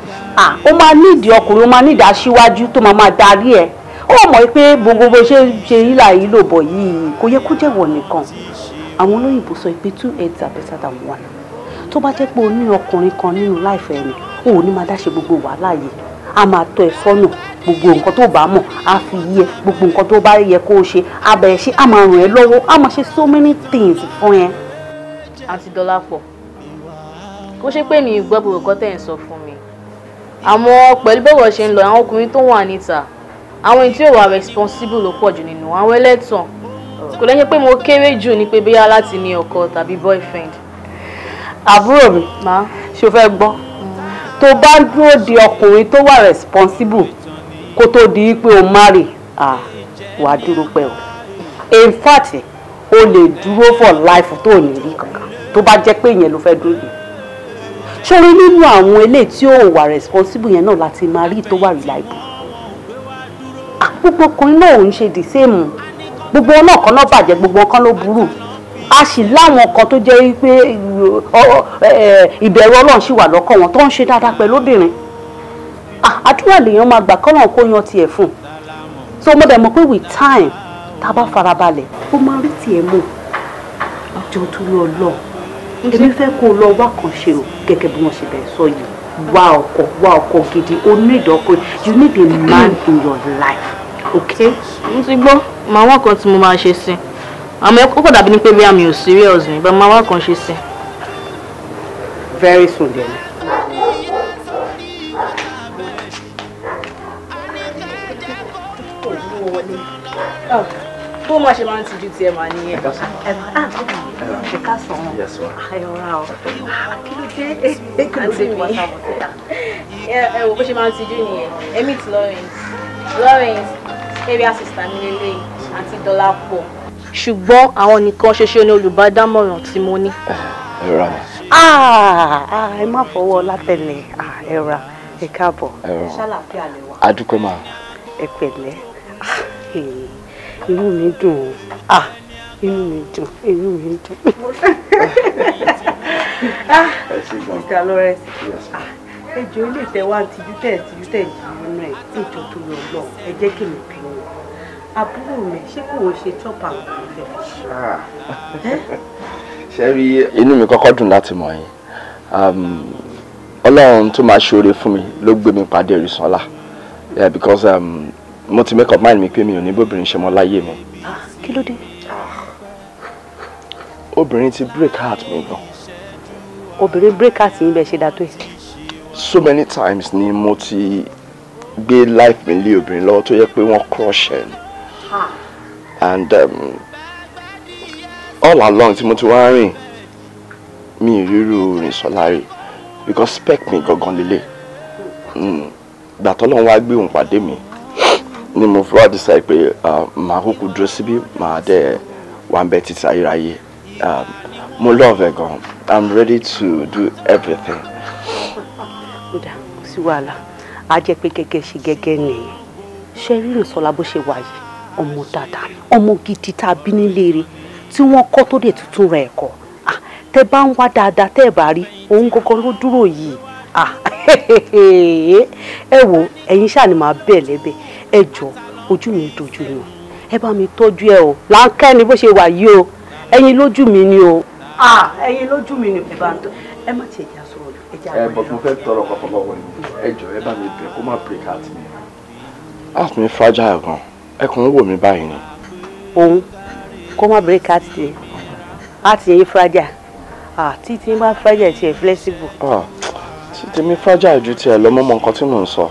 ó máa nídìí ọkùnrin ó máa nídìí aṣíwájú tó máa máa darí ẹ ó mọ̀ pé gbogbo bó ṣe ṣe yílà yìí lò bọ̀ yìí kò yẹ kó jẹ́wọ̀ nìkan àwọn olóyìnbó sọ pé two heads are better than one tó bá jẹ́ pé o ní ọkùnrin kan nínú láìfẹ́ ẹni o ò ní máa dáṣe gbogbo wàhálà yìí a máa tọ́ ẹ sọ́nà gbogbo nǹkan tó bá mọ̀ á fi yẹ gbogbo nǹkan tó bá yẹ kó o ṣe á bẹ̀ ṣe á máa ràn ẹ́ lọ́wọ́ á máa ṣe so many things fún ẹ. àti Dọlápọ̀ kó ṣe pé mi gbọ́ gbogbo nǹkan tẹ̀ sọ fún mi àmọ́ pẹ̀lú bọ́wọ̀ ṣe ń lọ àwọn ọkùnrin tó wà níta àwọn èyí tí responsible ló pọ̀ jù nínú àwọn ẹlẹ́tàn kò lẹ́yìn pé mo kéré jù ní pé bóyá láti ní ọkọ tàbí boyfriend àbúrò mi ṣe o fẹ́ gbọ́ tó bá dúró di ọkùnrin tó wà responsible kó tó di pé o marry wàá dúró pẹ́ o in fact o lè dúró for life tó ò ní rí kankan tó bá jẹ́ pé ìyẹn ló fẹ́ dúró dè ṣorí nínú àwọn eléyìí tí ò wà responsible yẹn náà láti marry tó wà reliable gbogbo ọkùnrin náà ò ń ṣe the same gbogbo ọ̀nà náà bàjẹ́ gbogbo ọ̀kan ló burú a sì láwọn kan tó jẹ́ wípé ìbẹ̀rù ọlọ́run sì wà lọ́kàn wọn tó ń ṣe dáadáa pẹ̀lú obìnrin ah, àdúrà lèèyàn máa gbà kọ́lọ́run kó yan tiẹ̀ fún un so mo dẹ̀ mọ̀ pé with time tá a bá farabalẹ̀ ó máa rí tiẹ̀ mọ̀ ọjọ́ tó lọ lọ èmi fẹ́ kó o lọ wá kan ṣe o gẹ́gẹ́ bí wọ́n ṣe bẹ̀rẹ̀ sọ yìí wá ọkọ wá ọkọ gidi o need ọkọ you need a man in your life okay. mo ti gbọ́ màá wọ́n kan tí mo máa ṣe sí i àmọ́ ó kò dàbí ni pé bí àmì ò serious ni bá máa wá kan ṣe sí. very soon then. bó máa ṣe máa ń tijú tiẹ̀ máa ní ẹ̀ ṣe ká sọ wọn ayọ̀ra o kí ló dé èkìtì mi ẹ wò bó ṣe máa ń tijú nìyẹn emit Lawrence Lawrence area sister mi lélẹ́yìn àti Dọ́lápọ̀ ṣùgbọ́n àwọn nìkan ṣoṣo ni olùbádámọ̀ràn tí mo ní. Ah, ẹ ra mi. Ah, ah, ẹ má fọwọ́ látẹ̀lé ẹ ra ẹ káàbọ̀. ṣàlàfíà lè wà. adúpẹ́ máa. ẹ pẹ̀lẹ́ inú mi dùn ó inú mi dùn inú mi dùn. ọ̀gá lọ́rẹ́ ẹjọ́ ilé ìtẹ̀wá ti jútẹ̀ ti jútẹ̀ jù nínú ẹ̀ ìjọ tó lọ lọ ẹ jẹ́ kí mi pè àbúrò rẹ̀ ṣé kò wọ́n ṣe top up ìfẹ́. ṣe ah. rí inú mi kọ́kọ́ dùn láti mọ̀ yín um, ọlọ́run tó máa ṣoore fún mi ló gbé mi pàdé Orísanlá yeah, because um, mo ti make up mind mi pé mi ò ní bóbìnrin ṣe mọ́ láyé mi. Ah, kí ló dé. Ah. obìnrin ti break heart mi gan. obìnrin break heart yín bẹ́ẹ̀ ṣe dá tó yìí. so many times ni mo ti gbé life mi lé obìnrin lọ́wọ́ tó yẹ pé wọ́n crush ẹ̀ ni and um, all along tí mo ti wá rìn mi ì rírú rìn sọ́lá rè because spec mi gangan lélẹ̀ hmm, gbà tọ́lọ́run wá gbé òun pàdé mi ni mo fi wá decide pé màá kúkú dúró síbí màá dẹ̀ wá bẹ́ẹ̀ títí ayérayé um, mo love ẹ̀ gan i'm ready to do everything. kódà kò sí wàhálà a jẹ́ pé gẹ́gẹ́ ṣe gẹ́gẹ́ nìyẹn ṣe rí ìrìnsọ́lá bó ṣe wà ọmọ dáadáa ọmọ gidi tá a bí nílé rẹ̀ tí wọ́n kọ́ tó dé tuntun rẹ̀ ẹ̀kọ́ tẹ bá ń wá dáadáa tẹ́ ẹ̀ bá rí òun gangan ló dúró yìí ẹ wo ẹ̀yin ṣáà ni màá bẹ̀ lẹ́bẹ̀ ẹ jọ ojú mi dojú ni o ẹ bá mi tọ́jú ẹ o láńkẹ́ ni bó ṣe wà yìí o ẹ̀yin lójú mi ni o ẹ̀yin lójú mi ni ẹ bá ń tọ́ ẹ má tiẹ̀ já sọ̀rọ̀ ẹja àgbẹ̀. ẹ bọ̀ tí mo fẹ́ tọrọ kọ̀ọ̀kan lọ́wọ́ ni ẹ jọ ẹ bá mi bẹ̀ kó má break out mi. ask me fragile gan ẹkùn ń wò mí báyìí ni. òun kó má bèrè ká ti á ti yẹn fúrájà àti tí bá fúrájà ti ẹ̀ flexible. tí tèmi fúrájà ju tiẹ̀ lọ mọ́mọ́ nǹkan tí mò ń sọ.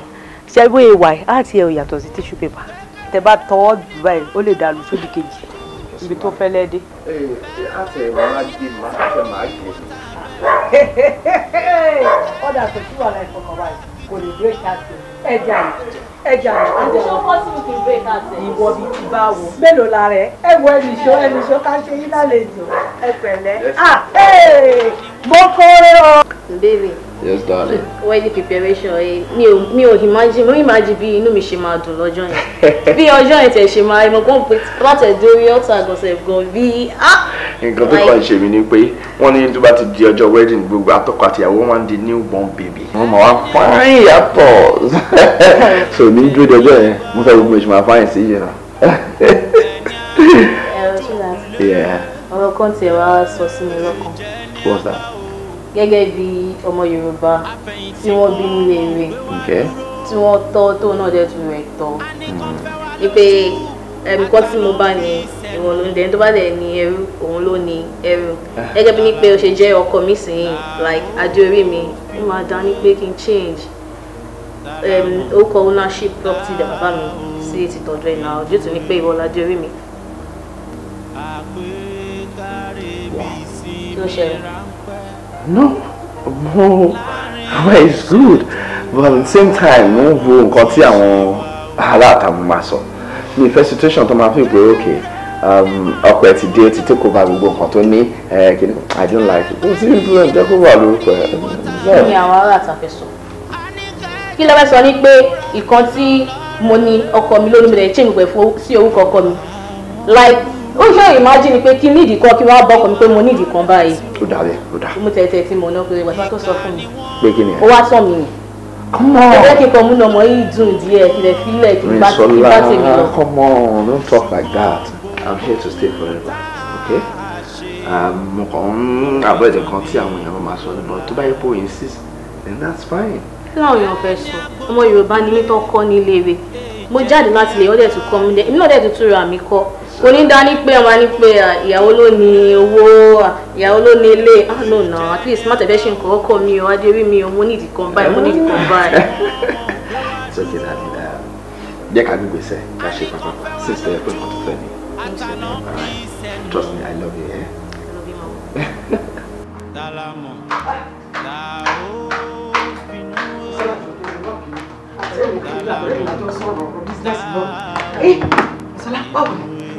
ṣẹ́gun ìwà àti ẹ̀ ò yàtọ̀ sí tissue paper tẹ bá tọwọ́ jù báyìí ó lè dàlù sódì kejì ibi tó fẹ́ lẹ́dí. ọ̀dà tó ṣùwọ̀n ẹ̀fọn kan wáyé kò lè gbé ṣáàtì ẹ̀jẹ̀ àìsàn ẹja àti ṣó possible to break out ẹ. ìwọ bíi ti bá wọ. mélòó la rẹ ẹ wọ ẹnìṣó ẹnìṣó ká ṣe yín lálejò ẹ pẹ̀lẹ́. Ah, mo kórè o. béèrè yes darling. wedding preparation ẹ eh? mi ò mi ò imagine mo imagine bí inú mi ṣe máa dùn lọ́jọ́ yẹn bí ọjọ́ yẹn tẹ̀ ṣe máa mo gbọ́n pé látẹ̀ dórí ọ̀tá gọ̀ọ̀sẹ̀ gan bí. Ah! nǹkan tó kàn ṣe mí ni pé wọ́n ní tó bá ti di ọjọ́ wedding gbogbo atọ́kọ àtìyàwó máa ń di newborn baby wọ́n máa wá fáyín yàtọ̀ so ní dúró di ọjọ́ yẹn mo fẹ́ gbogbo ìṣúná fáyín sí yẹn. Eh, ọ̀rọ̀ kan tiẹ̀ wá sọ sí mi lọ́kàn. what's that? gẹ́gẹ́ bí ọmọ Yorùbá tí wọ́n bí nílé rẹ̀ tí wọ́n tọ́ tó náà dẹ̀ tún rẹ̀ tọ́ wípé ẹ̀rùkọ́ tí mo bá ní ìwọ̀n ló ń dẹ̀ tó bá dẹ̀ ní ẹrú òun ló ní ẹrú ah. gẹ́gẹ́ bí ní pé ṣe jẹ́ ọkọ mi sìn like adé orí mi ó máa dá ní pé kí n change ó um, ownership property dẹ̀ bàbá mi sí ti tọ̀dọ̀ ẹ̀ náà ojú tún ní pé ìwọ ládé orí mi no mo well it's good but at the same time mo ń wo nǹkan tí àwọn aláàtàmú máa sọ ní ìfẹ́ situation tó máa fi pé ok um, ọkọ ẹ ti dé ti take over gbogbo nǹkan tó ní i don't like it kò sí problem take over lórúkọ ẹ. kí ni àwọn aláàtà fẹ́ sọ kí ló sọ ni pé ìkan tí mo ní ọkọ mi lónìí mi lè ṣe ìgbẹ́ sí orúkọ ọkọ mi like ó ṣe imagine pé kí nídìí kan kí wọ́n á bọ́ ọkọ̀ mi pé mo nídìí kan báyìí. ó dà bẹ́ẹ̀ ó dà. mo tẹ̀tẹ̀ tí mo ná pé wàá tó sọ fún mi. pé kí ni ẹ. ó wá sọ mi nì. come on. ẹgbẹ́ kíkọ múnà ọmọ yìí dùn díẹ̀ kílẹ̀ fílẹ̀ kí bá tèmi lọ. come on don't talk like that i'm here to stay forever okay. Um, mo kàn ń avoid nǹkan tí àwọn èèyàn máa sọ nípa tó bá yẹ kó insist then that's fine. kí làwọn èèyàn fẹ́ sọ ọmọ Yorùbá ni mo jáde láti lè ọ́ dẹ̀ tún mi lẹ̀ èmi náà dẹ̀ tún túra mi kọ́ onídàání pé àwọn àní pé ìyàwó ló ní owó ìyàwó ló ní ilé ah no na at least má tẹ̀fẹ́ ṣe nǹkan ọkọ mi o adé rí mi o mo nídìí kan báyìí mo nídìí kan báyìí. it's okay na mi naa jẹ́ ká gbé gbèsè ká ṣe pàpàpà since tó yẹ pé nǹkan tó fẹ́ ni trust me i love you. Eh? I love you mama. Hey, Asala,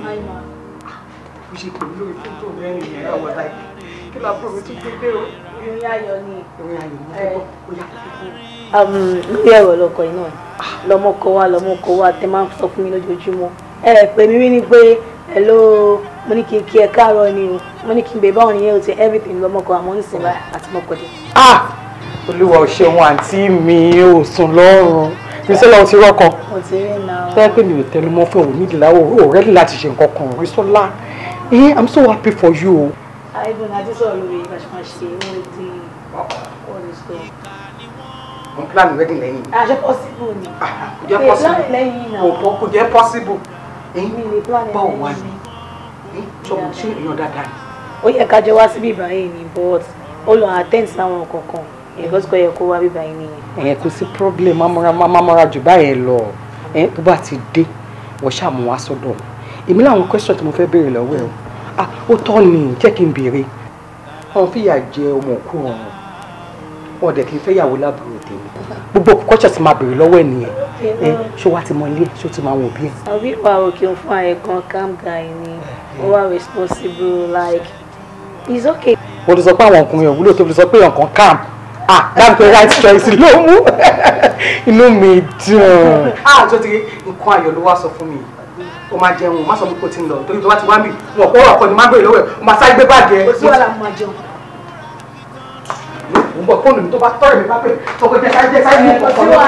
Hi, lórí um, ẹ̀rọ ọlọ́kọ̀ yìí náà, lọ́mọkọ wa lọ́mọkọ wa tẹ máa ń sọ fún mi lójoojúmọ́. Ẹ pè mí rí ni pé hello mo ní kí n kí ẹ káàárọ̀ ni o, mo ní kí n bèbá báwọn nìyẹn o ti everything lọ́mọkọ àmọ́ nísìnyí àti mọ́kọ̀dé. Ah! Olúwa ò ṣeun àǹtí mi ò sùn lọ́rùn. Rísọ́lá o ti rọ́kọ. Kò ti rí náà. Fẹ́ pé mi ò tẹnu mọ́ fún òun nídìí láwọ̀ òun rẹ́dí láti ṣe nǹkan kan Rísọ́lá. Eh I'm so happy for you o. Àìbùn àti sọ̀rọ̀ lórí ìbáṣepọ̀ ṣe wọ́n ti ọ̀rẹ́ sọ. Mo plan wedding lẹ́yìn. Àṣẹ ah, possible ni. Ah, kò jẹ́ possible. Lẹ́yìn náà. Kò kò jẹ́ possible. Èmi lè plan ẹ̀yìn. Báwo wá ni? Ṣọ́ọ̀bù ṣé èèyàn dáadáa ni? Ó yẹ ká jẹ wá síbí ìbáyìí ni but ó lọ attend ẹ̀kọ́ yẹ kó wá bíbá yín nìyẹn. ẹ kò sí problem mamora jù báyẹn lọ ẹ tó bá ti dé wọ́n ṣàmù wá sọ́dọ̀ èmi láwọn question tí mo fẹ́ béèrè lọ́wọ́ ẹ ó tọ́ ni jẹ́ kí n béèrè wọn fìyà jẹ ọmọ òkú ọ̀run wọn dẹ̀ kì í fẹ́yàwó lábúrò tèmi gbogbo kọ́ṣọ̀ ti máa béèrè lọ́wọ́ ẹ nìyẹn ẹ ṣó wá ti mọ ilé ṣó ti máa wọ bí ẹ. àbí ìwà òkè fún àyè gan calm guy ni ó wà responsible like it's okay. olùsọ pé àwọn ọkùnrin ò wúlò tó fi sọ pé ọkàn calm ah that's the right choice ló mú inú mi dùn. a ah, tó ti nǹkan ayọ̀ ló wá sọ fún mi o máa jẹun o má sọ pé kò tí ń lọ torí tó bá ti wá mi wọn kó ọkọ ni má gbé lọ́wọ́ ẹ̀ o máa sáré gbé báàgì ẹ̀. òsì wàhálà mo máa jẹun. mo ń bọ̀ fóònù mi tó bá tọrọ mi bá pè tọkọ jẹ sáré jẹ sáré mi kọkọ lọ.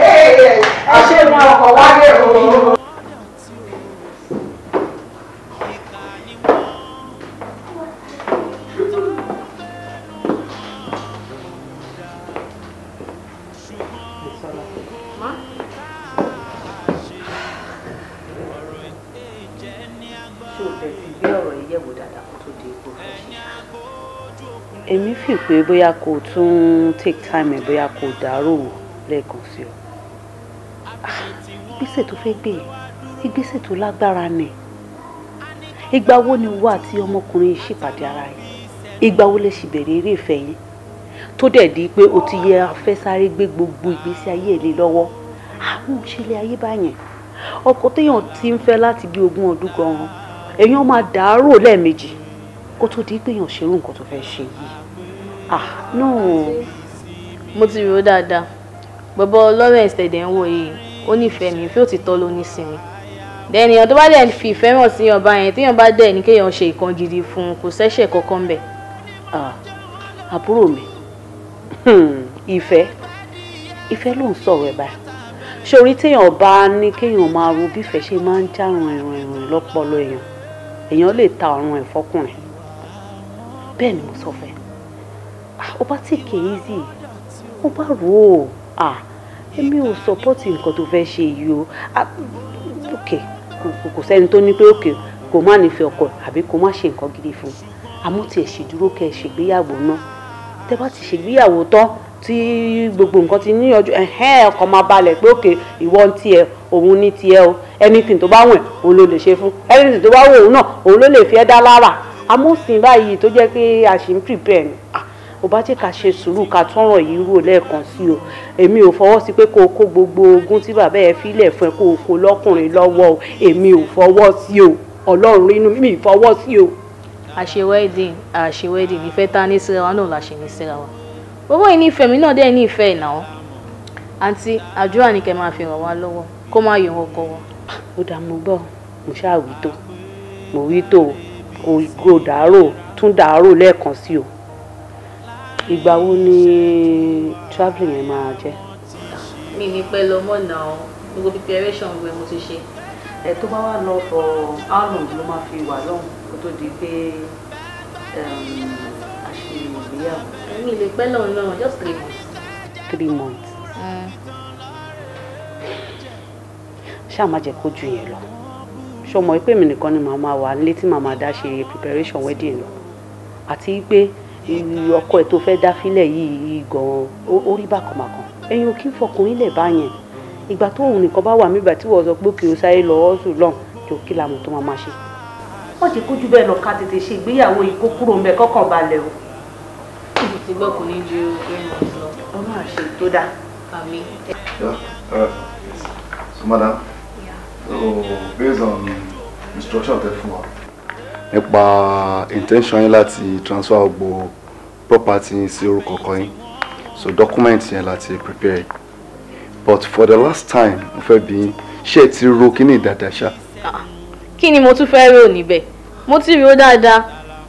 ẹ ṣe ìrìn àwọn ọkọ wáyé o. pé bóyá kò tún take time ẹ̀ bóyá kò dárò lẹ́ẹ̀kan sí ọ. Ah, ìgbésẹ̀ tó fẹ́ gbé ìgbésẹ̀ tó lágbára ni ìgbà wo ni wà tí ọmọkùnrin yìí ṣèpàdé ara yìí ìgbà wo lè ṣì bẹ̀rẹ̀ eré ìfẹ́ yín tó dẹ̀ di pé o ti yẹ afẹ́ sáré gbé gbogbo ìgbésí ayé ẹ̀ lé lọ́wọ́ àwọn òṣèlè ayé báyẹn ọkọ téèyàn ti ń fẹ́ láti bí ogún ọdún gan-an èèyàn máa dàárò lẹ́ẹ̀mejì kó tó di pé èèyàn ṣerú nǹkan tó fẹ́ ṣe yìí ah no mo ti rò ó dáadáa bọ̀bọ̀ Lawrence tẹ̀dẹ̀ ń wò yìí ó nífẹ̀ẹ́ mi fi òtítọ́ ló ní sinmi dẹ́ni èèyàn tó bá dẹ̀ fi ìfẹ́ hàn sí ọba yẹn téèyàn bá dẹ̀ ní kéèyàn ṣe ìkan gidi fún un kò sẹ́ṣẹ̀ kankan bẹ̀. Ah, àbúrò mi hmm, ìfẹ́ ìfẹ́ ló ń sọ̀rọ̀ ẹ̀ báyìí ṣòrí téèyàn bá ní kéèyàn máa ro bí ìfẹ́ ṣe máa ń já rìnrìn rìnrìn lọ́pọlọ èèyàn èèyàn lè ta ọ̀run ẹ̀ fọkùnrin bẹ́ẹ̀ ni mo sọ fẹ́ Ah, ó bá tí kè é zì ó bá rò ó ah, èmi ò sọpọ́tì nǹkan tó fẹ́ ṣe yìí o ah, òkè kò sẹ́ni tó ní pé òkè kò má nífẹ̀ẹ́ ọkọ àbí kò má ṣe nǹkan gidi fún un àmọ́ tí ẹ̀ ṣèdúró kẹ́ ẹ ṣègbéyàwó náà tẹ́ bá ti ṣègbéyàwó tán tí gbogbo nǹkan ti níyànjú ẹ̀hẹ́n ọkàn máa balẹ̀ pé òkè ìwọ ń tiẹ̀ òun ní tiẹ̀ o anything tó bá wọ̀n òun ló lè ṣe fún anything tó bá wọ̀ òun náà òun ló lè fi ẹ́ dá lára àmọ́ sìn báyìí tó jẹ́ pé a ṣì ń prepare ni ah ò bá jẹ́ ká ṣe sùúrù ká tọ́rọ̀ yìí rò lẹ́ẹ̀kan sí o èmi ò fọwọ́ sí pé kó o kó gbogbo ogún tí bàbá ẹ fílẹ̀ fún ẹ kó o kó lọ́kùnrin lọ́wọ́ o èmi ò fọwọ́ sí o ọlọ́run inú mi fọwọ́ sí o. àṣe wedding àṣe wedding ìfẹ́ ta ní síra wa náà la ṣe ní síra wa bọ́bọ́ yìí ní ìfẹ́ mi náà dẹ́ ní ìfẹ́ ìnáwó àǹtí àdúrà ni kẹ́ máa fi ràn wá lọ́wọ́ kó má yọ ọkọ wa. ó dá mo gbọ́ mo ṣáà wí tó mo wí tó o dàárò tún dàárò lẹ́ẹ̀kan sí o ìgbà wo ni travelling yẹn máa jẹ́. mi ní pẹ́ lọ́mọ náà gbogbo preparation rẹ̀ mo ti ṣe. ẹ tó bá wà lọ fọ àrùn ló máa fi wà lọ́hùn kó tó di pé a ṣe ìgbéyàwó. mi lè pẹ́ lọ́hùn náà just three months. three months. Mm. ṣáà má jẹ́ kó ju yẹn lọ ṣọmọ ìpè mi nìkan ni màá máa wà nílé màá máa dá ṣe preparation wedding lọ àti pé ọkọ ẹ̀ tó fẹ́ dá sílẹ̀ yìí gan-an ó rí bákan bákan ẹ̀yin ò kí ń fọkùnrin lẹ̀ báyẹn ìgbà tó òun nìkan bá wà mí ìgbà tí wọ́n sọ pé kì o sáré lọ ọ́sùn lọ́n jò kí làwọn tó máa máa ṣe. wọ́n ti kójú bẹ́ẹ̀ lọ ká tètè ṣe ìgbéyàwó ikú kúrò ń bẹ kọ́kàn balẹ̀ o. ibi tí gbọ́ ju ọmọ àṣẹ tó dáa. so madam yeah. so based on instruction tẹ fún wa nípa intention yín láti transfer gbogbo property yín sí orúkọ kan yín so document yẹn láti prepare but for the last time mo fẹ́ bi ṣé ẹ ti ro kíní dáadáa ṣá. Ah, kí ni mo tún fẹ́ rò níbẹ̀ mo ti rò dáadáa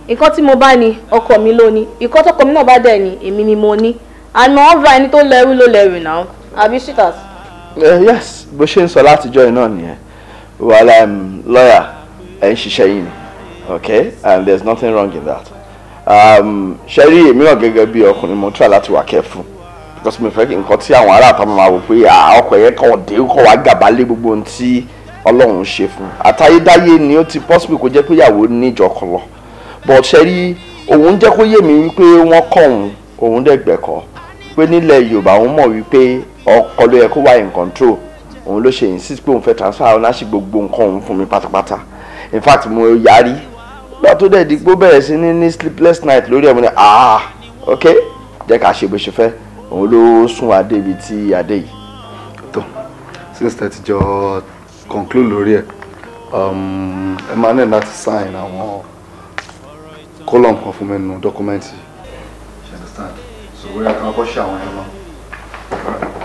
nǹkan tí mo bá ní ọkọ mi ló ní nǹkan tọkọ mi náà bá dẹ̀ ní èmi ni mo ní àmọ́ ọ̀và ẹni tó lẹ́rú ló lẹ́rù náà àbí shitas. Eh, yes bó ṣe ń sọ látijọ́ iná nìyẹn wàhálà mm, lọ́ọ̀yà ẹ̀ ń ṣiṣẹ́ yìí ni okay and there's nothing wrong in that ṣe um, rí èmi náà gẹ́gẹ́ bí ọkùnrin mo try láti wà careful because mi fẹ́ kí nǹkan tí àwọn ará àtàwọn máa wò pé ọkọ̀ yẹn kàn dé kọ̀ wá gàba lé gbogbo ohun tí ọlọ́run ṣe fún àtayédáyé ni ó ti possible kó jẹ́ pé ìyàwó níjọ kan lọ but ṣe rí òun jẹ́ kó yé mi wípé wọ́n kọ̀ òun òun dẹ̀ gbẹ̀kọ́ pé nílẹ̀ yorùbá òun mọ̀ wípé ọkọ ló yẹ kó wà in control òun ló ṣe insist pé òun fẹ́ transfer ownership gbogbo nǹkan òun fún mi pátápátá in fact mo yarí gbà tó dẹ̀ dìgbò bẹ̀rẹ̀ sí ní ní sleepless night lórí ẹ̀ mo ah ok jẹ́ ká ṣe bó ṣe fẹ́ òun ló sún adé ibi tí adé yìí. tó since tẹ́tí jọ conclude lórí ẹ̀ um, ẹ máa ní láti sign àwọn column kan fún mi nínú dọ́kúmẹ́ǹtì. ṣe understand so wíwá kan kọ́ ṣe àwọn ẹ̀